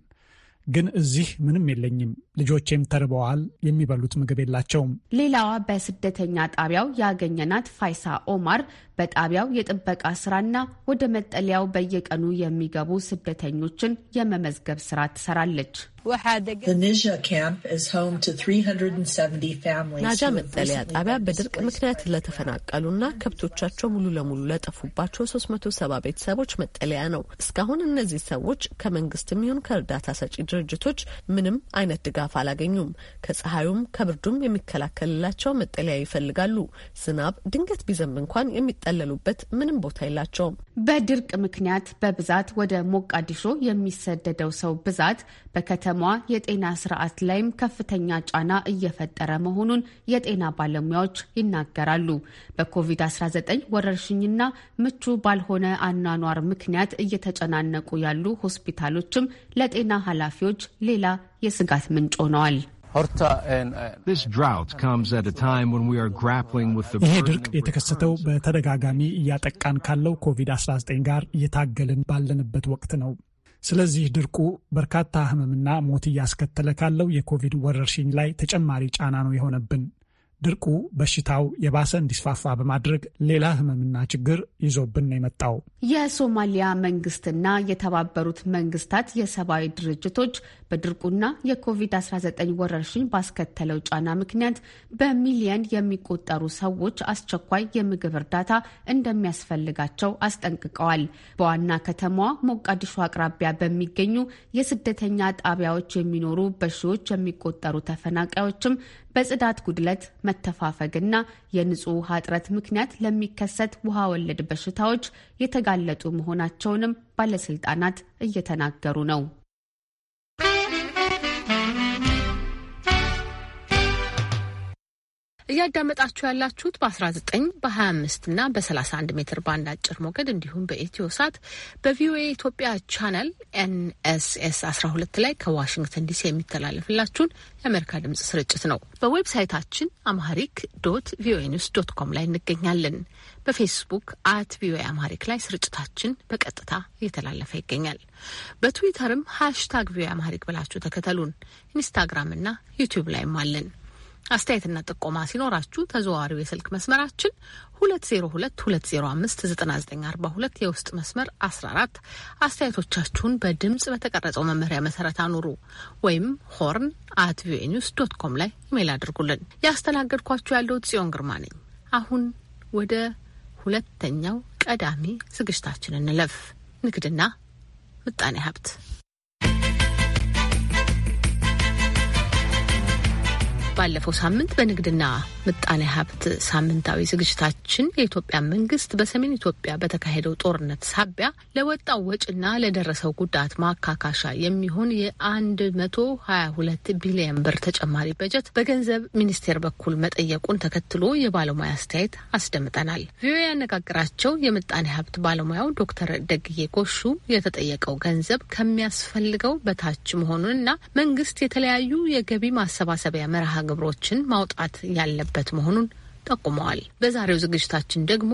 ግን እዚህ ምንም የለኝም። ልጆቼም ተርበዋል፣ የሚበሉት ምግብ የላቸውም። ሌላዋ በስደተኛ ጣቢያው ያገኘናት ፋይሳ ኦማር በጣቢያው የጥበቃ ስራና ወደ መጠለያው በየቀኑ የሚገቡ ስደተኞችን የመመዝገብ ስራ ትሰራለች። ናጃ መጠለያ ጣቢያ በድርቅ ምክንያት ለተፈናቀሉና ከብቶቻቸው ሙሉ ለሙሉ ለጠፉባቸው 370 ቤተሰቦች መጠለያ ነው። እስካሁን እነዚህ ሰዎች ከመንግስትም ይሁን ከእርዳታ ሰጪ ድርጅቶች ምንም አይነት ድጋ ድጋፍ አላገኙም። ከፀሐዩም ከብርዱም የሚከላከልላቸው መጠለያ ይፈልጋሉ። ዝናብ ድንገት ቢዘንብ እንኳን የሚጠለሉበት ምንም ቦታ የላቸውም። በድርቅ ምክንያት በብዛት ወደ ሞቃዲሾ የሚሰደደው ሰው ብዛት በከተማዋ የጤና ስርዓት ላይም ከፍተኛ ጫና እየፈጠረ መሆኑን የጤና ባለሙያዎች ይናገራሉ። በኮቪድ-19 ወረርሽኝና ምቹ ባልሆነ አኗኗር ምክንያት እየተጨናነቁ ያሉ ሆስፒታሎችም ለጤና ኃላፊዎች ሌላ የስጋት ምንጭ ሆነዋል። ይሄ ድርቅ የተከሰተው በተደጋጋሚ እያጠቃን ካለው ኮቪድ-19 ጋር እየታገልን ባለንበት ወቅት ነው። ስለዚህ ድርቁ በርካታ ህመምና ሞት እያስከተለ ካለው የኮቪድ ወረርሽኝ ላይ ተጨማሪ ጫና ነው የሆነብን። ድርቁ በሽታው የባሰ እንዲስፋፋ በማድረግ ሌላ ህመምና ችግር ይዞብን ነው የመጣው። የሶማሊያ መንግስትና የተባበሩት መንግስታት የሰብአዊ ድርጅቶች በድርቁና የኮቪድ-19 ወረርሽኝ ባስከተለው ጫና ምክንያት በሚሊየን የሚቆጠሩ ሰዎች አስቸኳይ የምግብ እርዳታ እንደሚያስፈልጋቸው አስጠንቅቀዋል። በዋና ከተማዋ ሞቃዲሾ አቅራቢያ በሚገኙ የስደተኛ ጣቢያዎች የሚኖሩ በሺዎች የሚቆጠሩ ተፈናቃዮችም በጽዳት ጉድለት መተፋፈግና የንጹህ ውሃ እጥረት ምክንያት ለሚከሰት ውሃ ወለድ በሽታዎች የተጋለጡ መሆናቸውንም ባለስልጣናት እየተናገሩ ነው። እያዳመጣችሁ ያላችሁት በ19 በ25 እና በ31 ሜትር ባንድ አጭር ሞገድ እንዲሁም በኢትዮ ሳት በቪኦኤ ኢትዮጵያ ቻናል ኤንኤስኤስ 12 ላይ ከዋሽንግተን ዲሲ የሚተላለፍላችሁን የአሜሪካ ድምጽ ስርጭት ነው። በዌብሳይታችን አምሃሪክ ዶት ቪኦኤ ኒውስ ዶት ኮም ላይ እንገኛለን። በፌስቡክ አት ቪኦኤ አማሪክ ላይ ስርጭታችን በቀጥታ እየተላለፈ ይገኛል። በትዊተርም ሃሽታግ ቪኦኤ አማሪክ ብላችሁ ተከተሉን። ኢንስታግራም እና ዩቲዩብ ላይም አለን። አስተያየትና ጥቆማ ሲኖራችሁ ተዘዋዋሪው የስልክ መስመራችን 2022059942 የውስጥ መስመር 14 አስተያየቶቻችሁን በድምጽ በተቀረጸው መመሪያ መሰረት አኑሩ ወይም ሆርን አት ቪኦኤ ኒውስ ዶት ኮም ላይ ኢሜይል አድርጉልን። ያስተናገድኳችሁ ያለው ጽዮን ግርማ ነኝ። አሁን ወደ ሁለተኛው ቀዳሚ ዝግጅታችን እንለፍ። ንግድና ምጣኔ ሀብት ባለፈው ሳምንት በንግድና ምጣኔ ሀብት ሳምንታዊ ዝግጅታችን የኢትዮጵያ መንግስት በሰሜን ኢትዮጵያ በተካሄደው ጦርነት ሳቢያ ለወጣው ወጪና ለደረሰው ጉዳት ማካካሻ የሚሆን የ122 ቢሊዮን ብር ተጨማሪ በጀት በገንዘብ ሚኒስቴር በኩል መጠየቁን ተከትሎ የባለሙያ አስተያየት አስደምጠናል። ቪኦኤ ያነጋግራቸው የምጣኔ ሀብት ባለሙያው ዶክተር ደግዬ ጎሹ የተጠየቀው ገንዘብ ከሚያስፈልገው በታች መሆኑንና መንግስት የተለያዩ የገቢ ማሰባሰቢያ መርሃ ግብሮችን ማውጣት ያለበት መሆኑን ጠቁመዋል። በዛሬው ዝግጅታችን ደግሞ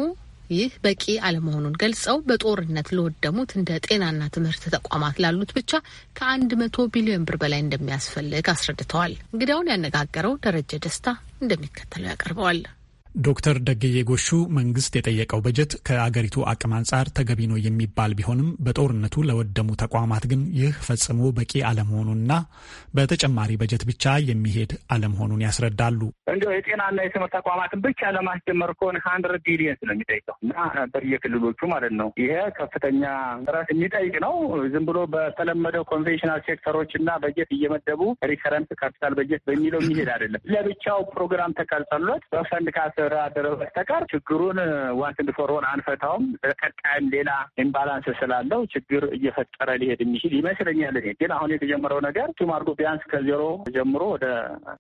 ይህ በቂ አለመሆኑን ገልጸው በጦርነት ለወደሙት እንደ ጤናና ትምህርት ተቋማት ላሉት ብቻ ከአንድ መቶ ቢሊዮን ብር በላይ እንደሚያስፈልግ አስረድተዋል። እንግዲያውን ያነጋገረው ደረጀ ደስታ እንደሚከተለው ያቀርበዋል። ዶክተር ደገዬ ጎሹ መንግስት የጠየቀው በጀት ከአገሪቱ አቅም አንጻር ተገቢ ነው የሚባል ቢሆንም በጦርነቱ ለወደሙ ተቋማት ግን ይህ ፈጽሞ በቂ አለመሆኑና በተጨማሪ በጀት ብቻ የሚሄድ አለመሆኑን ያስረዳሉ። እንዲያው የጤናና የትምህርት ተቋማትን ብቻ ለማስጀመር ከሆነ ሀንድረድ ቢሊየንስ ነው የሚጠይቀው እና በየክልሎቹ ማለት ነው። ይሄ ከፍተኛ ጥረት የሚጠይቅ ነው። ዝም ብሎ በተለመደው ኮንቬንሽናል ሴክተሮች እና በጀት እየመደቡ ሪከረንት ካፒታል በጀት በሚለው የሚሄድ አይደለም። ለብቻው ፕሮግራም ተቀርጸሎት በፈንድ ካሰ ከተደራደረ በስተቀር ችግሩን ዋንስ ኤንድ አንፈታውም። በቀጣይም ሌላ ኢምባላንስ ስላለው ችግር እየፈጠረ ሊሄድ የሚችል ይመስለኛል። ግን አሁን የተጀመረው ነገር ቱም አድርጎ ቢያንስ ከዜሮ ጀምሮ ወደ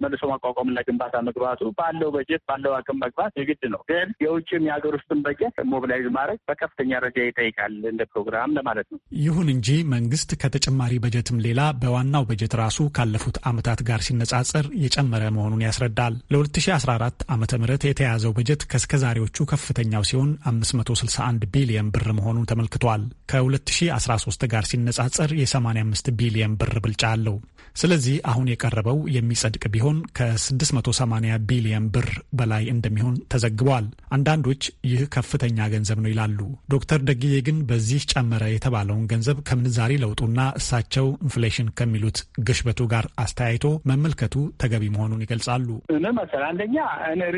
መልሶ ማቋቋምና ግንባታ መግባቱ ባለው በጀት ባለው አቅም መግባት የግድ ነው። ግን የውጭም የሀገር ውስጥም በጀት ሞቢላይዝ ማድረግ በከፍተኛ ደረጃ ይጠይቃል እንደ ፕሮግራም ለማለት ነው። ይሁን እንጂ መንግስት ከተጨማሪ በጀትም ሌላ በዋናው በጀት ራሱ ካለፉት ዓመታት ጋር ሲነጻጸር የጨመረ መሆኑን ያስረዳል። ለ2014 ዓ ም የተያዘው በጀት ከእስከዛሬዎቹ ከፍተኛው ሲሆን 561 ቢሊየን ብር መሆኑን ተመልክቷል። ከ2013 ጋር ሲነጻጸር የ85 ቢሊየን ብር ብልጫ አለው። ስለዚህ አሁን የቀረበው የሚጸድቅ ቢሆን ከ680 ቢሊየን ብር በላይ እንደሚሆን ተዘግቧል። አንዳንዶች ይህ ከፍተኛ ገንዘብ ነው ይላሉ። ዶክተር ደግዬ ግን በዚህ ጨመረ የተባለውን ገንዘብ ከምንዛሪ ለውጡና እሳቸው ኢንፍሌሽን ከሚሉት ግሽበቱ ጋር አስተያይቶ መመልከቱ ተገቢ መሆኑን ይገልጻሉ። ምን አንደኛ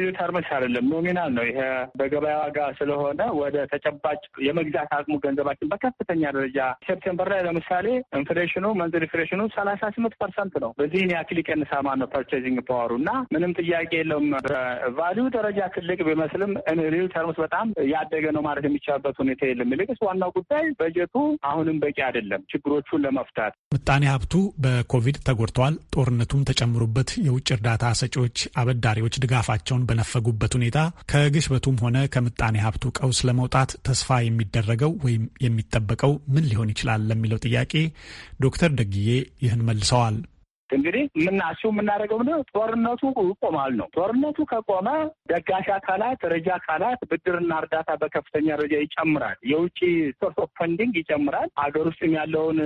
ሪተርመሻ አይደለም፣ ኖሚናል ነው። ይሄ በገበያ ዋጋ ስለሆነ ወደ ተጨባጭ የመግዛት አቅሙ ገንዘባችን በከፍተኛ ደረጃ ሴፕቴምበር ላይ ለምሳሌ ኢንፍሌሽኑ መንዝ ኢንፍሌሽኑ ሰላሳ ስምንት ፐርሰንት ነው። በዚህን ያክል ይቀንሳ ማ ነው ፐርቼዚንግ ፓወሩ እና ምንም ጥያቄ የለውም። በቫሊዩ ደረጃ ትልቅ ቢመስልም ሪል ተርምስ በጣም ያደገ ነው ማለት የሚቻልበት ሁኔታ የለም። ይልቅስ ዋናው ጉዳይ በጀቱ አሁንም በቂ አይደለም ችግሮቹን ለመፍታት። ምጣኔ ሀብቱ በኮቪድ ተጎድተዋል። ጦርነቱም ተጨምሮበት የውጭ እርዳታ ሰጪዎች አበዳሪዎች ድጋፋቸውን በነፈጉበት ባለበት ሁኔታ ከግሽበቱም ሆነ ከምጣኔ ሀብቱ ቀውስ ለመውጣት ተስፋ የሚደረገው ወይም የሚጠበቀው ምን ሊሆን ይችላል ለሚለው ጥያቄ ዶክተር ደግዬ ይህን መልሰዋል። እንግዲህ የምናስው የምናደርገው ምንድነው ጦርነቱ ይቆማል ነው። ጦርነቱ ከቆመ ደጋሽ አካላት፣ ረጃ አካላት ብድርና እርዳታ በከፍተኛ ደረጃ ይጨምራል። የውጭ ሶርስ ኦፍ ፈንዲንግ ይጨምራል። ሀገር ውስጥም ያለውን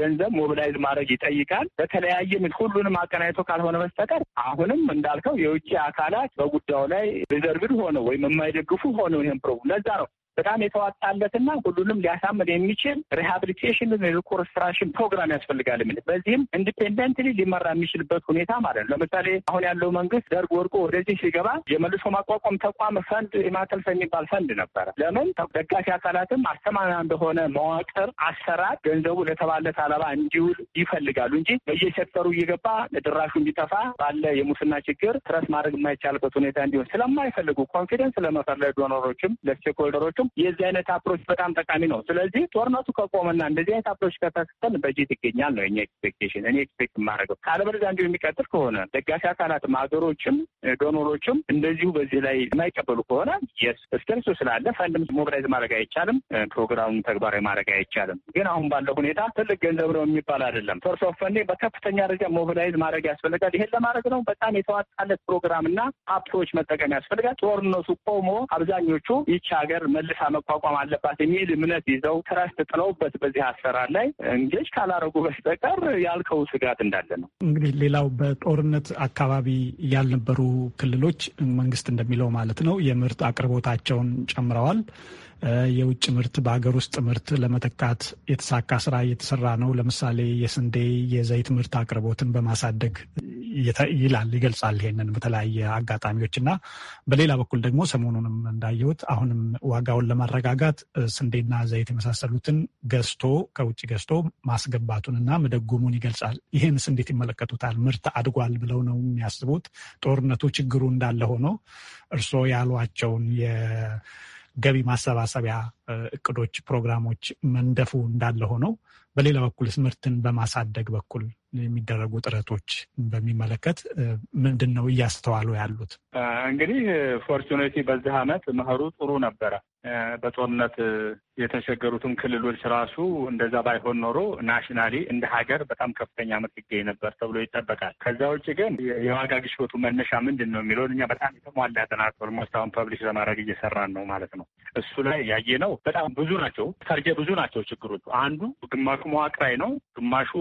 ገንዘብ ሞቢላይዝ ማድረግ ይጠይቃል። በተለያየ ሁሉንም አቀናይቶ ካልሆነ በስተቀር አሁንም እንዳልከው የውጭ አካላት በጉዳዩ ላይ ሪዘርቭድ ሆነው ወይም የማይደግፉ ሆነው ይህን ፕሮብ ለዛ ነው በጣም የተዋጣለትና ሁሉንም ሊያሳምን የሚችል ሪሃብሊቴሽን ሪኮንስትራክሽን ፕሮግራም ያስፈልጋል የሚል በዚህም ኢንዲፔንደንትሊ ሊመራ የሚችልበት ሁኔታ ማለት ነው። ለምሳሌ አሁን ያለው መንግስት ደርግ ወድቆ ወደዚህ ሲገባ የመልሶ ማቋቋም ተቋም ፈንድ የማከልፈ የሚባል ፈንድ ነበረ። ለምን ደጋፊ አካላትም አስተማና እንደሆነ መዋቅር አሰራር ገንዘቡ ለተባለት አላባ እንዲውል ይፈልጋሉ እንጂ በየሴክተሩ እየገባ ለድራሹ እንዲጠፋ ባለ የሙስና ችግር ትረስ ማድረግ የማይቻልበት ሁኔታ እንዲሆን ስለማይፈልጉ ኮንፊደንስ ለመፈለግ ዶኖሮችም ለስቴክሆልደሮችም የዚህ አይነት አፕሮች በጣም ጠቃሚ ነው። ስለዚህ ጦርነቱ ከቆመና እንደዚህ አይነት አፕሮች ከተከተል በጀት ይገኛል ነው የኛ ኤክስፔክቴሽን። እኔ ኤክስፔክት የማደርገው ካለበለዚያ እንዲሁ የሚቀጥል ከሆነ ደጋፊ አካላትም ሀገሮችም ዶኖሮችም እንደዚሁ በዚህ ላይ የማይቀበሉ ከሆነ የስ ስክርሱ ስላለ ፈንድም ሞቢላይዝ ማድረግ አይቻልም፣ ፕሮግራሙን ተግባራዊ ማድረግ አይቻልም። ግን አሁን ባለው ሁኔታ ትልቅ ገንዘብ ነው የሚባል አይደለም። ሶርስ ኦፍ ፈንዴ በከፍተኛ ደረጃ ሞቢላይዝ ማድረግ ያስፈልጋል። ይሄን ለማድረግ ነው በጣም የተዋጣለት ፕሮግራምና አፕሮች መጠቀም ያስፈልጋል። ጦርነቱ ቆሞ አብዛኞቹ ይች ሀገር መልስ መልሳ መቋቋም አለባት የሚል እምነት ይዘው ትረስት ጥለውበት በዚህ አሰራር ላይ እንጌጅ ካላረጉ በስተቀር ያልከው ስጋት እንዳለ ነው። እንግዲህ ሌላው በጦርነት አካባቢ ያልነበሩ ክልሎች መንግስት እንደሚለው ማለት ነው የምርት አቅርቦታቸውን ጨምረዋል። የውጭ ምርት በሀገር ውስጥ ምርት ለመተካት የተሳካ ስራ እየተሰራ ነው። ለምሳሌ የስንዴ የዘይት ምርት አቅርቦትን በማሳደግ ይላል ይገልጻል። ይሄንን በተለያየ አጋጣሚዎች እና በሌላ በኩል ደግሞ ሰሞኑንም እንዳየሁት አሁንም ዋጋውን ለማረጋጋት ስንዴና ዘይት የመሳሰሉትን ገዝቶ ከውጭ ገዝቶ ማስገባቱን እና መደጎሙን ይገልጻል። ይህንስ እንዴት ይመለከቱታል? ምርት አድጓል ብለው ነው የሚያስቡት? ጦርነቱ ችግሩ እንዳለ ሆኖ እርስዎ ያሏቸውን ገቢ ማሰባሰቢያ እቅዶች፣ ፕሮግራሞች መንደፉ እንዳለ ሆነው በሌላ በኩል ትምህርትን በማሳደግ በኩል የሚደረጉ ጥረቶች በሚመለከት ምንድን ነው እያስተዋሉ ያሉት? እንግዲህ ፎርቹኔቲ በዚህ አመት መኸሩ ጥሩ ነበረ። በጦርነት የተቸገሩትም ክልሎች ራሱ እንደዛ ባይሆን ኖሮ ናሽናሊ እንደ ሀገር በጣም ከፍተኛ ምርት ይገኝ ነበር ተብሎ ይጠበቃል። ከዛ ውጭ ግን የዋጋ ግሽበቱ መነሻ ምንድን ነው የሚለውን እኛ በጣም የተሟላ ጥናት ኦልሞስት ፐብሊሽ ለማድረግ እየሰራን ነው ማለት ነው። እሱ ላይ ያየ ነው በጣም ብዙ ናቸው። ተርጀ ብዙ ናቸው ችግሮቹ። አንዱ ግማሹ መዋቅራዊ ነው፣ ግማሹ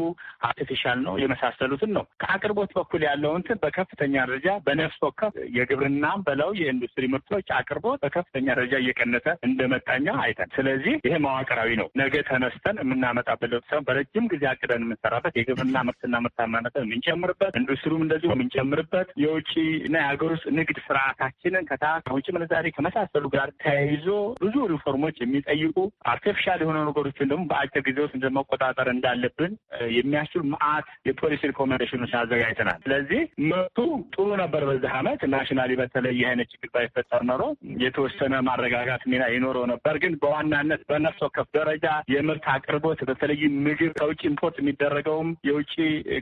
አርቲፊሻል ነው፣ የመሳሰሉትን ነው። ከአቅርቦት በኩል ያለውን እንትን በከፍተኛ ደረጃ በነፍስ ወከፍ የግብርናም በለው የኢንዱስትሪ ምርቶች አቅርቦት በከፍተኛ ደረጃ እየቀነሰ እንደመጣኛ አይተን፣ ስለዚህ ይሄ መዋቅራዊ ነው። ነገ ተነስተን የምናመጣበት ለውጥ ሳይሆን በረጅም ጊዜ አቅደን የምንሰራበት የግብርና ምርትና ምርታማነት የምንጨምርበት ኢንዱስትሪም እንደዚሁ የምንጨምርበት የውጭና የሀገር ውስጥ ንግድ ስርዓታችንን ከታ ከውጭ ምንዛሬ ከመሳሰሉ ጋር ተያይዞ ብዙ ሪፎርሞች የሚጠይቁ አርቲፊሻል የሆነ ነገሮችን ደግሞ በአጭር ጊዜ ውስጥ እንደመቆጣጠር እንዳለብን የሚያስችሉ መዓት የፖሊሲ ሪኮሜንዴሽኖች አዘጋጅተናል። ስለዚህ መቱ ጥሩ ነበር። በዚህ አመት ናሽናሊ በተለይ አይነት ችግር ባይፈጠር ኖሮ የተወሰነ ማረጋጋት ሚና ይኖረው ነበር። ግን በዋናነት በነፍስ ወከፍ ደረጃ የምርት አቅርቦት በተለይ ምግብ ከውጭ ኢምፖርት የሚደረገውም የውጭ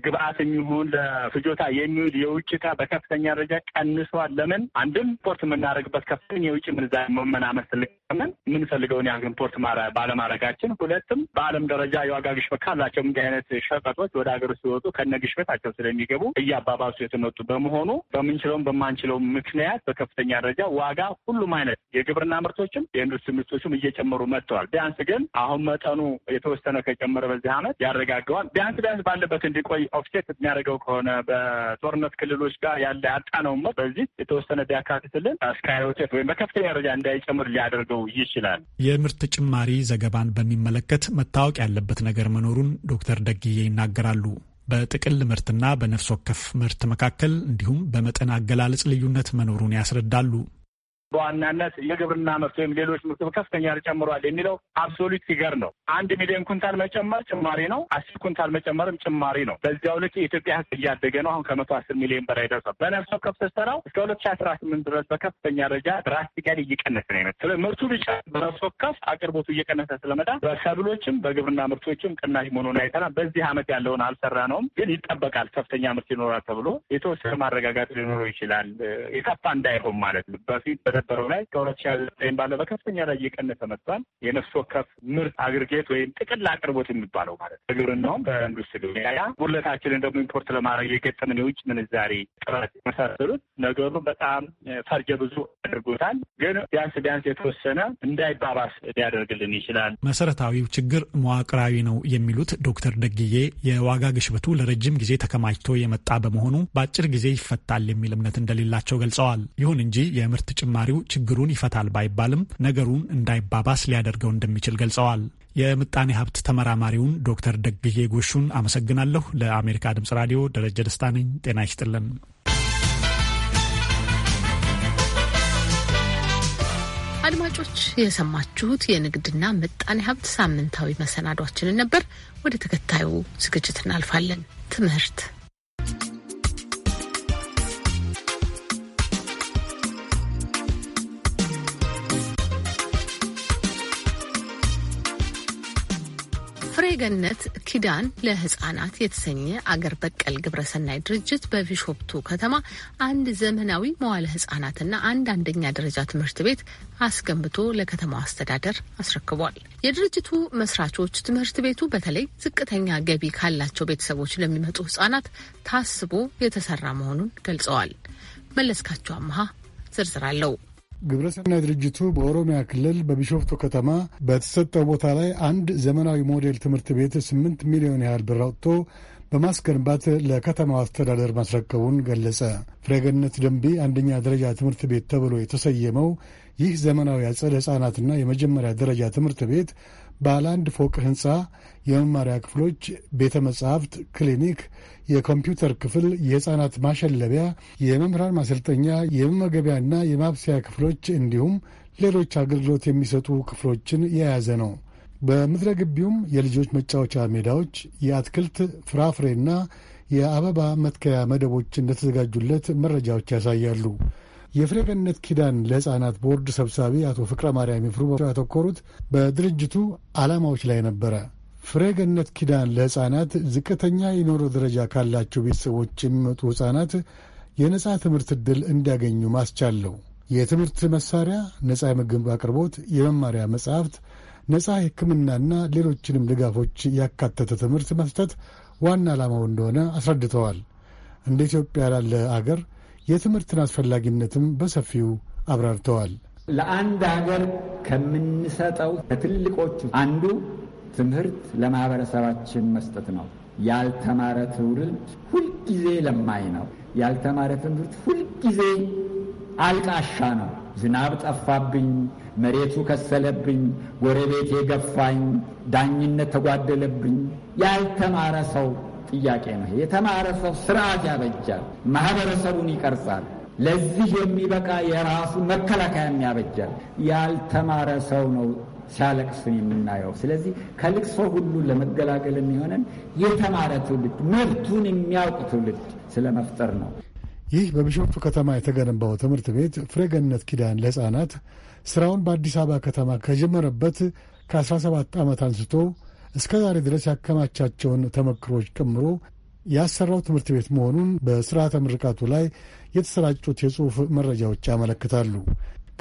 ግብአት የሚሆን ለፍጆታ የሚውል የውጭ ዕቃ በከፍተኛ ደረጃ ቀንሷል። ለምን? አንድም ኢምፖርት የምናደርግበት ከፍተኛ የውጭ ምንዛሪ መመናመስ ስለቀመን የምንፈልገውን ያህል ኢምፖርት ባለማድረጋችን፣ ሁለትም በዓለም ደረጃ የዋጋ ግሽበት ካላቸው እንዲህ አይነት ሸቀጦች ወደ ሀገር ሲወጡ ከነ ግሽበታቸው ስለሚገቡ እያባባሱ የተመጡ በመሆኑ በምንችለውም በማንችለው ምክንያት በከፍተኛ ደረጃ ዋጋ ሁሉም አይነት የግብርና ምርቶችም የኢንዱስትሪ ምርቶችም እየጨመሩ መጥተዋል። ቢያንስ ግን አሁን መጠኑ የተወሰነ ከጨመረ በዚህ ዓመት ያረጋገዋል። ቢያንስ ቢያንስ ባለበት እንዲቆይ ኦፍሴት የሚያደርገው ከሆነ በጦርነት ክልሎች ጋር ያለ ያጣነው ሞት በዚህ የተወሰነ ቢያካትትልን ስካይ ወይም በከፍተኛ ደረጃ እንዳይጨምር ሊያደርገው ይችላል። የምርት ጭማሪ ዘገባን በሚመለከት መታወቅ ያለበት ነገር መኖሩን ዶክተር ደግዬ ይናገራሉ። በጥቅል ምርትና በነፍስ ወከፍ ምርት መካከል እንዲሁም በመጠን አገላለጽ ልዩነት መኖሩን ያስረዳሉ። በዋናነት የግብርና ምርት ወይም ሌሎች ምርት ከፍተኛ ጨምሯል የሚለው አብሶሉት ፊገር ነው። አንድ ሚሊዮን ኩንታል መጨመር ጭማሪ ነው። አስር ኩንታል መጨመርም ጭማሪ ነው። በዚያው ልክ የኢትዮጵያ ሕዝብ እያደገ ነው። አሁን ከመቶ አስር ሚሊዮን በላይ ደርሷል። በነፍስ ወከፍ ስትሰራው እስከ ሁለት ሺ አስራ ስምንት ድረስ በከፍተኛ ደረጃ ድራስቲካል እየቀነሰ ነው ይመጣ ስለ ምርቱ ብቻ በነፍስ ከፍ አቅርቦቱ እየቀነሰ ስለመጣ በሰብሎችም በግብርና ምርቶችም ቅናሽ መሆኑን አይተናል። በዚህ አመት ያለውን ነውም ግን ይጠበቃል። ከፍተኛ ምርት ይኖራል ተብሎ የተወሰነ ማረጋጋት ሊኖረው ይችላል። የከፋ እንዳይሆን ማለት ነው በፊት በነበረው ላይ ከሁለት ዘጠኝ ባለ በከፍተኛ ላይ እየቀነሰ መጥቷል። የነፍስ ወከፍ ምርት አግርጌት ወይም ጥቅል አቅርቦት የሚባለው ማለት በግብርናውም በኢንዱስትሪ ያ ጉለታችንን ደግሞ ኢምፖርት ለማድረግ የገጠምን የውጭ ምንዛሬ ጥረት መሳሰሉት ነገሩ በጣም ፈርጀ ብዙ አድርጎታል። ግን ቢያንስ ቢያንስ የተወሰነ እንዳይባባስ ሊያደርግልን ይችላል። መሰረታዊው ችግር መዋቅራዊ ነው የሚሉት ዶክተር ደግዬ የዋጋ ግሽበቱ ለረጅም ጊዜ ተከማችቶ የመጣ በመሆኑ በአጭር ጊዜ ይፈታል የሚል እምነት እንደሌላቸው ገልጸዋል። ይሁን እንጂ የምርት ጭማ ተጨማሪው ችግሩን ይፈታል ባይባልም ነገሩን እንዳይባባስ ሊያደርገው እንደሚችል ገልጸዋል። የምጣኔ ሀብት ተመራማሪውን ዶክተር ደግዬ ጎሹን አመሰግናለሁ። ለአሜሪካ ድምጽ ራዲዮ ደረጀ ደስታ ነኝ። ጤና ይስጥልን። አድማጮች የሰማችሁት የንግድና ምጣኔ ሀብት ሳምንታዊ መሰናዷችንን ነበር። ወደ ተከታዩ ዝግጅት እናልፋለን። ትምህርት ፍሬ ገነት ኪዳን ለህጻናት የተሰኘ አገር በቀል ግብረሰናይ ድርጅት በቢሾፍቱ ከተማ አንድ ዘመናዊ መዋለ ህጻናትና አንድ አንደኛ ደረጃ ትምህርት ቤት አስገንብቶ ለከተማው አስተዳደር አስረክቧል። የድርጅቱ መስራቾች ትምህርት ቤቱ በተለይ ዝቅተኛ ገቢ ካላቸው ቤተሰቦች ለሚመጡ ህጻናት ታስቦ የተሰራ መሆኑን ገልጸዋል። መለስካቸው አመሃ ዝርዝር አለው። ግብረሰናይ ድርጅቱ በኦሮሚያ ክልል በቢሾፍቱ ከተማ በተሰጠው ቦታ ላይ አንድ ዘመናዊ ሞዴል ትምህርት ቤት ስምንት ሚሊዮን ያህል ብር አውጥቶ በማስገንባት ለከተማው አስተዳደር ማስረከቡን ገለጸ። ፍሬገነት ደንቢ አንደኛ ደረጃ ትምህርት ቤት ተብሎ የተሰየመው ይህ ዘመናዊ አጸደ ሕፃናትና የመጀመሪያ ደረጃ ትምህርት ቤት ባለ አንድ ፎቅ ህንፃ የመማሪያ ክፍሎች፣ ቤተ መጻሕፍት፣ ክሊኒክ፣ የኮምፒውተር ክፍል፣ የሕፃናት ማሸለቢያ፣ የመምህራን ማሰልጠኛ፣ የመመገቢያና የማብሰያ ክፍሎች እንዲሁም ሌሎች አገልግሎት የሚሰጡ ክፍሎችን የያዘ ነው። በምድረ ግቢውም የልጆች መጫወቻ ሜዳዎች፣ የአትክልት ፍራፍሬና የአበባ መትከያ መደቦች እንደተዘጋጁለት መረጃዎች ያሳያሉ። የፍሬበነት ኪዳን ለሕፃናት ቦርድ ሰብሳቢ አቶ ፍቅረ ማርያም ይፍሩ ያተኮሩት በድርጅቱ ዓላማዎች ላይ ነበረ። ፍሬገነት ኪዳን ለሕፃናት ዝቅተኛ የኑሮ ደረጃ ካላቸው ቤተሰቦች የሚመጡ ሕፃናት የነጻ ትምህርት ዕድል እንዲያገኙ ማስቻለው የትምህርት መሳሪያ፣ ነጻ የምግብ አቅርቦት፣ የመማሪያ መጻሕፍት፣ ነጻ ሕክምናና ሌሎችንም ድጋፎች ያካተተ ትምህርት መስጠት ዋና ዓላማው እንደሆነ አስረድተዋል። እንደ ኢትዮጵያ ላለ አገር የትምህርትን አስፈላጊነትም በሰፊው አብራርተዋል። ለአንድ ሀገር ከምንሰጠው ከትልቆቹ አንዱ ትምህርት ለማህበረሰባችን መስጠት ነው። ያልተማረ ትውልድ ሁልጊዜ ለማኝ ነው። ያልተማረ ትምህርት ሁልጊዜ አልቃሻ ነው። ዝናብ ጠፋብኝ፣ መሬቱ ከሰለብኝ፣ ጎረቤት የገፋኝ ዳኝነት ተጓደለብኝ። ያልተማረ ሰው ጥያቄ ነው። የተማረ ሰው ስርዓት ያበጃል፣ ማህበረሰቡን ይቀርጻል። ለዚህ የሚበቃ የራሱ መከላከያም ያበጃል። ያልተማረ ሰው ነው ሲያለቅስን የምናየው። ስለዚህ ከልቅሶ ሁሉ ለመገላገል የሚሆነን የተማረ ትውልድ፣ መብቱን የሚያውቅ ትውልድ ስለ መፍጠር ነው። ይህ በቢሾፍቱ ከተማ የተገነባው ትምህርት ቤት ፍሬገነት ኪዳን ለሕፃናት ስራውን በአዲስ አበባ ከተማ ከጀመረበት ከ17 ዓመት አንስቶ እስከ ዛሬ ድረስ ያከማቻቸውን ተመክሮች ጨምሮ ያሰራው ትምህርት ቤት መሆኑን በስርዓተ ምርቃቱ ላይ የተሰራጩት የጽሑፍ መረጃዎች ያመለክታሉ።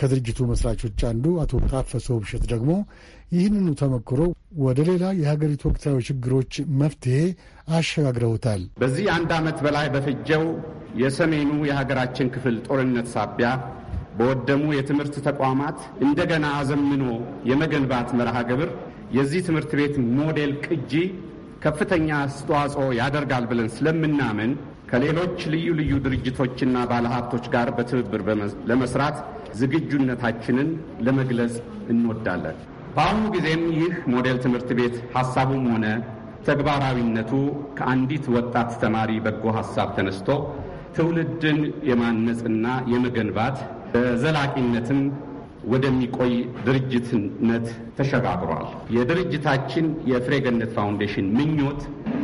ከድርጅቱ መስራቾች አንዱ አቶ ታፈሰ ውብሸት ደግሞ ይህንኑ ተመክሮ ወደ ሌላ የሀገሪቱ ወቅታዊ ችግሮች መፍትሄ አሸጋግረውታል። በዚህ አንድ ዓመት በላይ በፈጀው የሰሜኑ የሀገራችን ክፍል ጦርነት ሳቢያ በወደሙ የትምህርት ተቋማት እንደገና አዘምኖ የመገንባት መርሃ ግብር የዚህ ትምህርት ቤት ሞዴል ቅጂ ከፍተኛ አስተዋጽኦ ያደርጋል ብለን ስለምናምን ከሌሎች ልዩ ልዩ ድርጅቶችና ባለሀብቶች ጋር በትብብር ለመስራት ዝግጁነታችንን ለመግለጽ እንወዳለን። በአሁኑ ጊዜም ይህ ሞዴል ትምህርት ቤት ሀሳቡም ሆነ ተግባራዊነቱ ከአንዲት ወጣት ተማሪ በጎ ሀሳብ ተነስቶ ትውልድን የማነጽና የመገንባት በዘላቂነትም ወደሚቆይ ድርጅትነት ተሸጋግሯል። የድርጅታችን የፍሬገነት ፋውንዴሽን ምኞት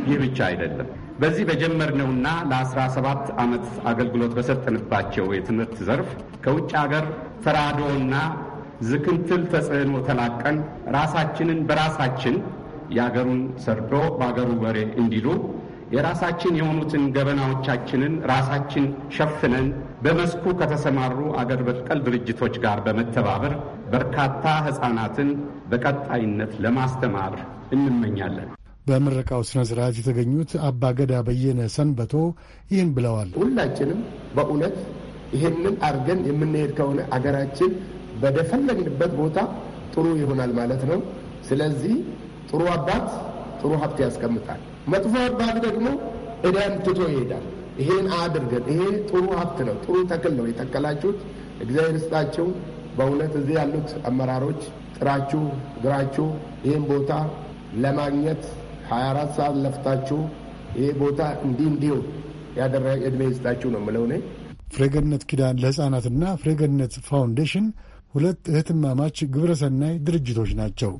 ይህ ብቻ አይደለም። በዚህ በጀመርነውና ለ17 ዓመት አገልግሎት በሰጠንባቸው የትምህርት ዘርፍ ከውጭ አገር ተራድኦና ዝክንትል ተጽዕኖ ተላቀን ራሳችንን በራሳችን የአገሩን ሰርዶ በአገሩ ወሬ እንዲሉ የራሳችን የሆኑትን ገበናዎቻችንን ራሳችን ሸፍነን በመስኩ ከተሰማሩ አገር በቀል ድርጅቶች ጋር በመተባበር በርካታ ሕፃናትን በቀጣይነት ለማስተማር እንመኛለን። በምረቃው ስነ ስርዓት የተገኙት አባገዳ በየነ ሰንበቶ ይህን ብለዋል። ሁላችንም በእውነት ይህንን አድርገን የምንሄድ ከሆነ አገራችን በደፈለግንበት ቦታ ጥሩ ይሆናል ማለት ነው። ስለዚህ ጥሩ አባት ጥሩ ሀብት ያስቀምጣል። መጥፎ አባት ደግሞ እዳን ትቶ ይሄዳል። ይሄን አድርገን ይሄ ጥሩ ሀብት ነው፣ ጥሩ ተክል ነው የተከላችሁት። እግዚአብሔር ስጣቸው። በእውነት እዚህ ያሉት አመራሮች ጥራችሁ እግራችሁ ይህን ቦታ ለማግኘት 24 ሰዓት ለፍታችሁ ይሄ ቦታ እንዲህ እንዲሁ ያደረ እድሜ ይስጣችሁ ነው የምለው እኔ። ፍሬገነት ኪዳን ለሕፃናትና ፍሬገነት ፋውንዴሽን ሁለት እህትማማች ግብረሰናይ ድርጅቶች ናቸው።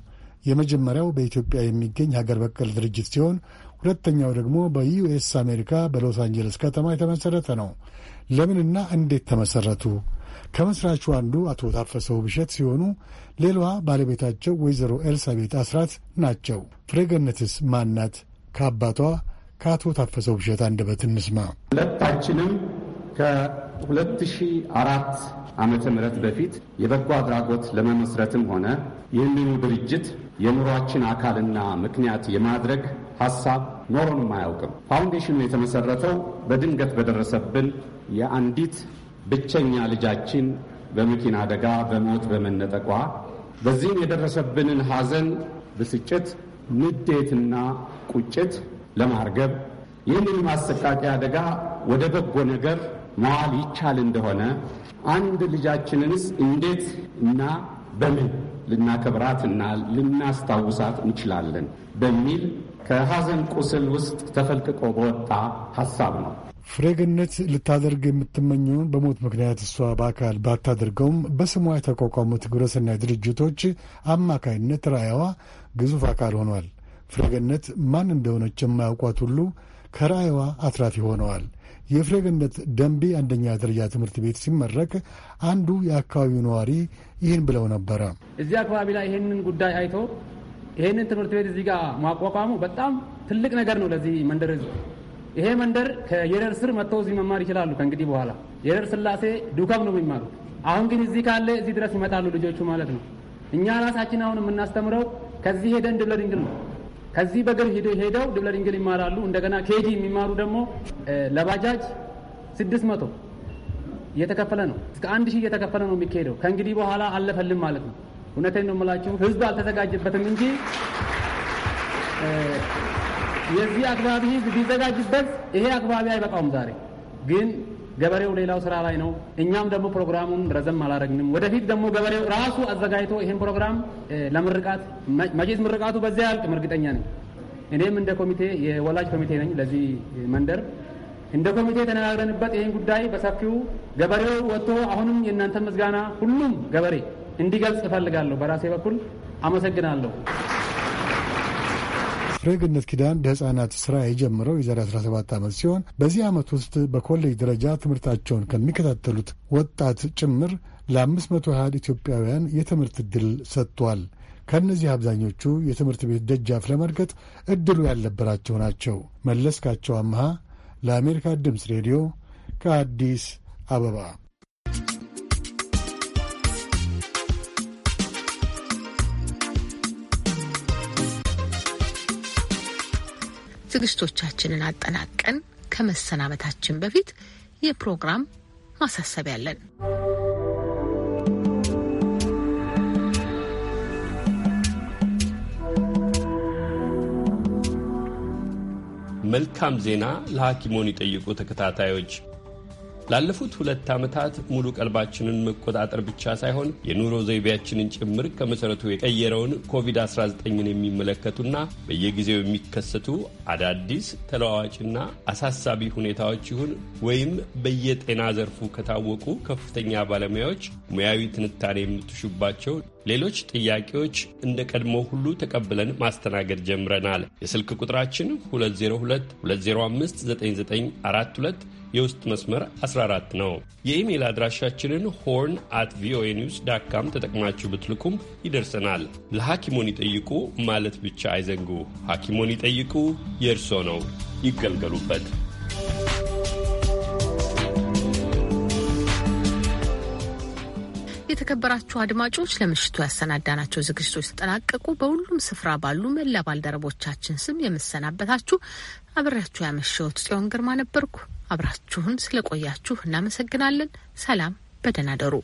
የመጀመሪያው በኢትዮጵያ የሚገኝ ሀገር በቀል ድርጅት ሲሆን ሁለተኛው ደግሞ በዩኤስ አሜሪካ በሎስ አንጀለስ ከተማ የተመሰረተ ነው። ለምንና እንዴት ተመሰረቱ? ከመስራቹ አንዱ አቶ ታፈሰው ብሸት ሲሆኑ ሌላዋ ባለቤታቸው ወይዘሮ ኤልሳቤጥ አስራት ናቸው። ፍሬገነትስ ማናት? ከአባቷ ከአቶ ታፈሰው ብሸት አንደበት እንስማ። ሁለታችንም ከ2004 ዓመተ ምህረት በፊት የበጎ አድራጎት ለመመስረትም ሆነ ይህንኑ ድርጅት የኑሯችን አካልና ምክንያት የማድረግ ሀሳብ ኖሮንም አያውቅም። ፋውንዴሽኑ የተመሰረተው በድንገት በደረሰብን የአንዲት ብቸኛ ልጃችን በመኪና አደጋ በሞት በመነጠቋ በዚህም የደረሰብንን ሐዘን፣ ብስጭት፣ ንዴትና ቁጭት ለማርገብ ይህንንም አሰቃቂ አደጋ ወደ በጎ ነገር መዋል ይቻል እንደሆነ አንድ ልጃችንንስ እንዴት እና በምን ልናከብራትና ልናስታውሳት እንችላለን በሚል ከሐዘን ቁስል ውስጥ ተፈልቅቆ በወጣ ሐሳብ ነው። ፍሬግነት ልታደርግ የምትመኘውን በሞት ምክንያት እሷ በአካል ባታደርገውም በስሟ የተቋቋሙት ግብረሰናይ ድርጅቶች አማካይነት ራዕያዋ ግዙፍ አካል ሆኗል። ፍሬግነት ማን እንደሆነች የማያውቋት ሁሉ ከራእይዋ አትራፊ ሆነዋል። የፍሬገነት ደንቤ አንደኛ ደረጃ ትምህርት ቤት ሲመረቅ አንዱ የአካባቢው ነዋሪ ይህን ብለው ነበረ። እዚህ አካባቢ ላይ ይህንን ጉዳይ አይቶ ይህንን ትምህርት ቤት እዚህ ጋር ማቋቋሙ በጣም ትልቅ ነገር ነው ለዚህ መንደር ህዝብ። ይሄ መንደር ከየረር ስር መጥተው እዚህ መማር ይችላሉ። ከእንግዲህ በኋላ የረር ስላሴ ዱከም ነው የሚማሩት። አሁን ግን እዚህ ካለ እዚህ ድረስ ይመጣሉ ልጆቹ ማለት ነው። እኛ ራሳችን አሁን የምናስተምረው ከዚህ ሄደን ድብለ ድንግል ነው ከዚህ በእግር ሄደው ድብረ ይማራሉ። እንደገና ኬጂ የሚማሩ ደግሞ ለባጃጅ ስድስት መቶ እየተከፈለ ነው። እስከ አንድ ሺህ እየተከፈለ ነው የሚካሄደው። ከእንግዲህ በኋላ አለፈልም ማለት ነው። እውነቴን ነው የምላችሁ፣ ህዝብ አልተዘጋጀበትም እንጂ የዚህ አግባቢ ህዝብ ቢዘጋጅበት ይሄ አግባቢ አይበቃውም። ዛሬ ግን ገበሬው ሌላው ስራ ላይ ነው። እኛም ደግሞ ፕሮግራሙን ረዘም አላደረግንም። ወደፊት ደግሞ ገበሬው ራሱ አዘጋጅቶ ይህን ፕሮግራም ለምርቃት መቼስ ምርቃቱ በዚያ ያልቅም እርግጠኛ ነኝ። እኔም እንደ ኮሚቴ የወላጅ ኮሚቴ ነኝ ለዚህ መንደር እንደ ኮሚቴ ተነጋግረንበት ይህን ጉዳይ በሰፊው ገበሬው ወጥቶ አሁንም የእናንተ ምስጋና ሁሉም ገበሬ እንዲገልጽ እፈልጋለሁ። በራሴ በኩል አመሰግናለሁ። ፍሬ ገነት ኪዳን ለሕፃናት ሥራ የጀመረው የዛሬ 17 ዓመት ሲሆን በዚህ ዓመት ውስጥ በኮሌጅ ደረጃ ትምህርታቸውን ከሚከታተሉት ወጣት ጭምር ለ 520 ኢትዮጵያውያን የትምህርት ዕድል ሰጥቷል። ከእነዚህ አብዛኞቹ የትምህርት ቤት ደጃፍ ለመርገጥ ዕድሉ ያልነበራቸው ናቸው። መለስካቸው አምሃ ለአሜሪካ ድምፅ ሬዲዮ ከአዲስ አበባ ዝግጅቶቻችንን አጠናቀን ከመሰናበታችን በፊት የፕሮግራም ማሳሰቢያ አለን። መልካም ዜና ለሐኪሞን ይጠይቁ ተከታታዮች ላለፉት ሁለት ዓመታት ሙሉ ቀልባችንን መቆጣጠር ብቻ ሳይሆን የኑሮ ዘይቤያችንን ጭምር ከመሠረቱ የቀየረውን ኮቪድ-19ን የሚመለከቱና በየጊዜው የሚከሰቱ አዳዲስ ተለዋዋጭና አሳሳቢ ሁኔታዎች ይሁን ወይም በየጤና ዘርፉ ከታወቁ ከፍተኛ ባለሙያዎች ሙያዊ ትንታኔ የምትሹባቸው ሌሎች ጥያቄዎች እንደ ቀድሞ ሁሉ ተቀብለን ማስተናገድ ጀምረናል። የስልክ ቁጥራችን 2022059942 የውስጥ መስመር 14 ነው። የኢሜይል አድራሻችንን ሆርን አት ቪኦኤ ኒውስ ዳት ካም ተጠቅማችሁ ብትልኩም ይደርሰናል። ለሐኪሞን ይጠይቁ ማለት ብቻ አይዘንጉ። ሐኪሞን ይጠይቁ የእርሶ ነው፣ ይገልገሉበት። የተከበራችሁ አድማጮች ለምሽቱ ያሰናዳናቸው ዝግጅቶች ተጠናቀቁ። በሁሉም ስፍራ ባሉ መላ ባልደረቦቻችን ስም የምሰናበታችሁ አብሬያችሁ ያመሸሁት ጽዮን ግርማ ነበርኩ። አብራችሁን ስለቆያችሁ እናመሰግናለን። ሰላም፣ በደህና ደሩ።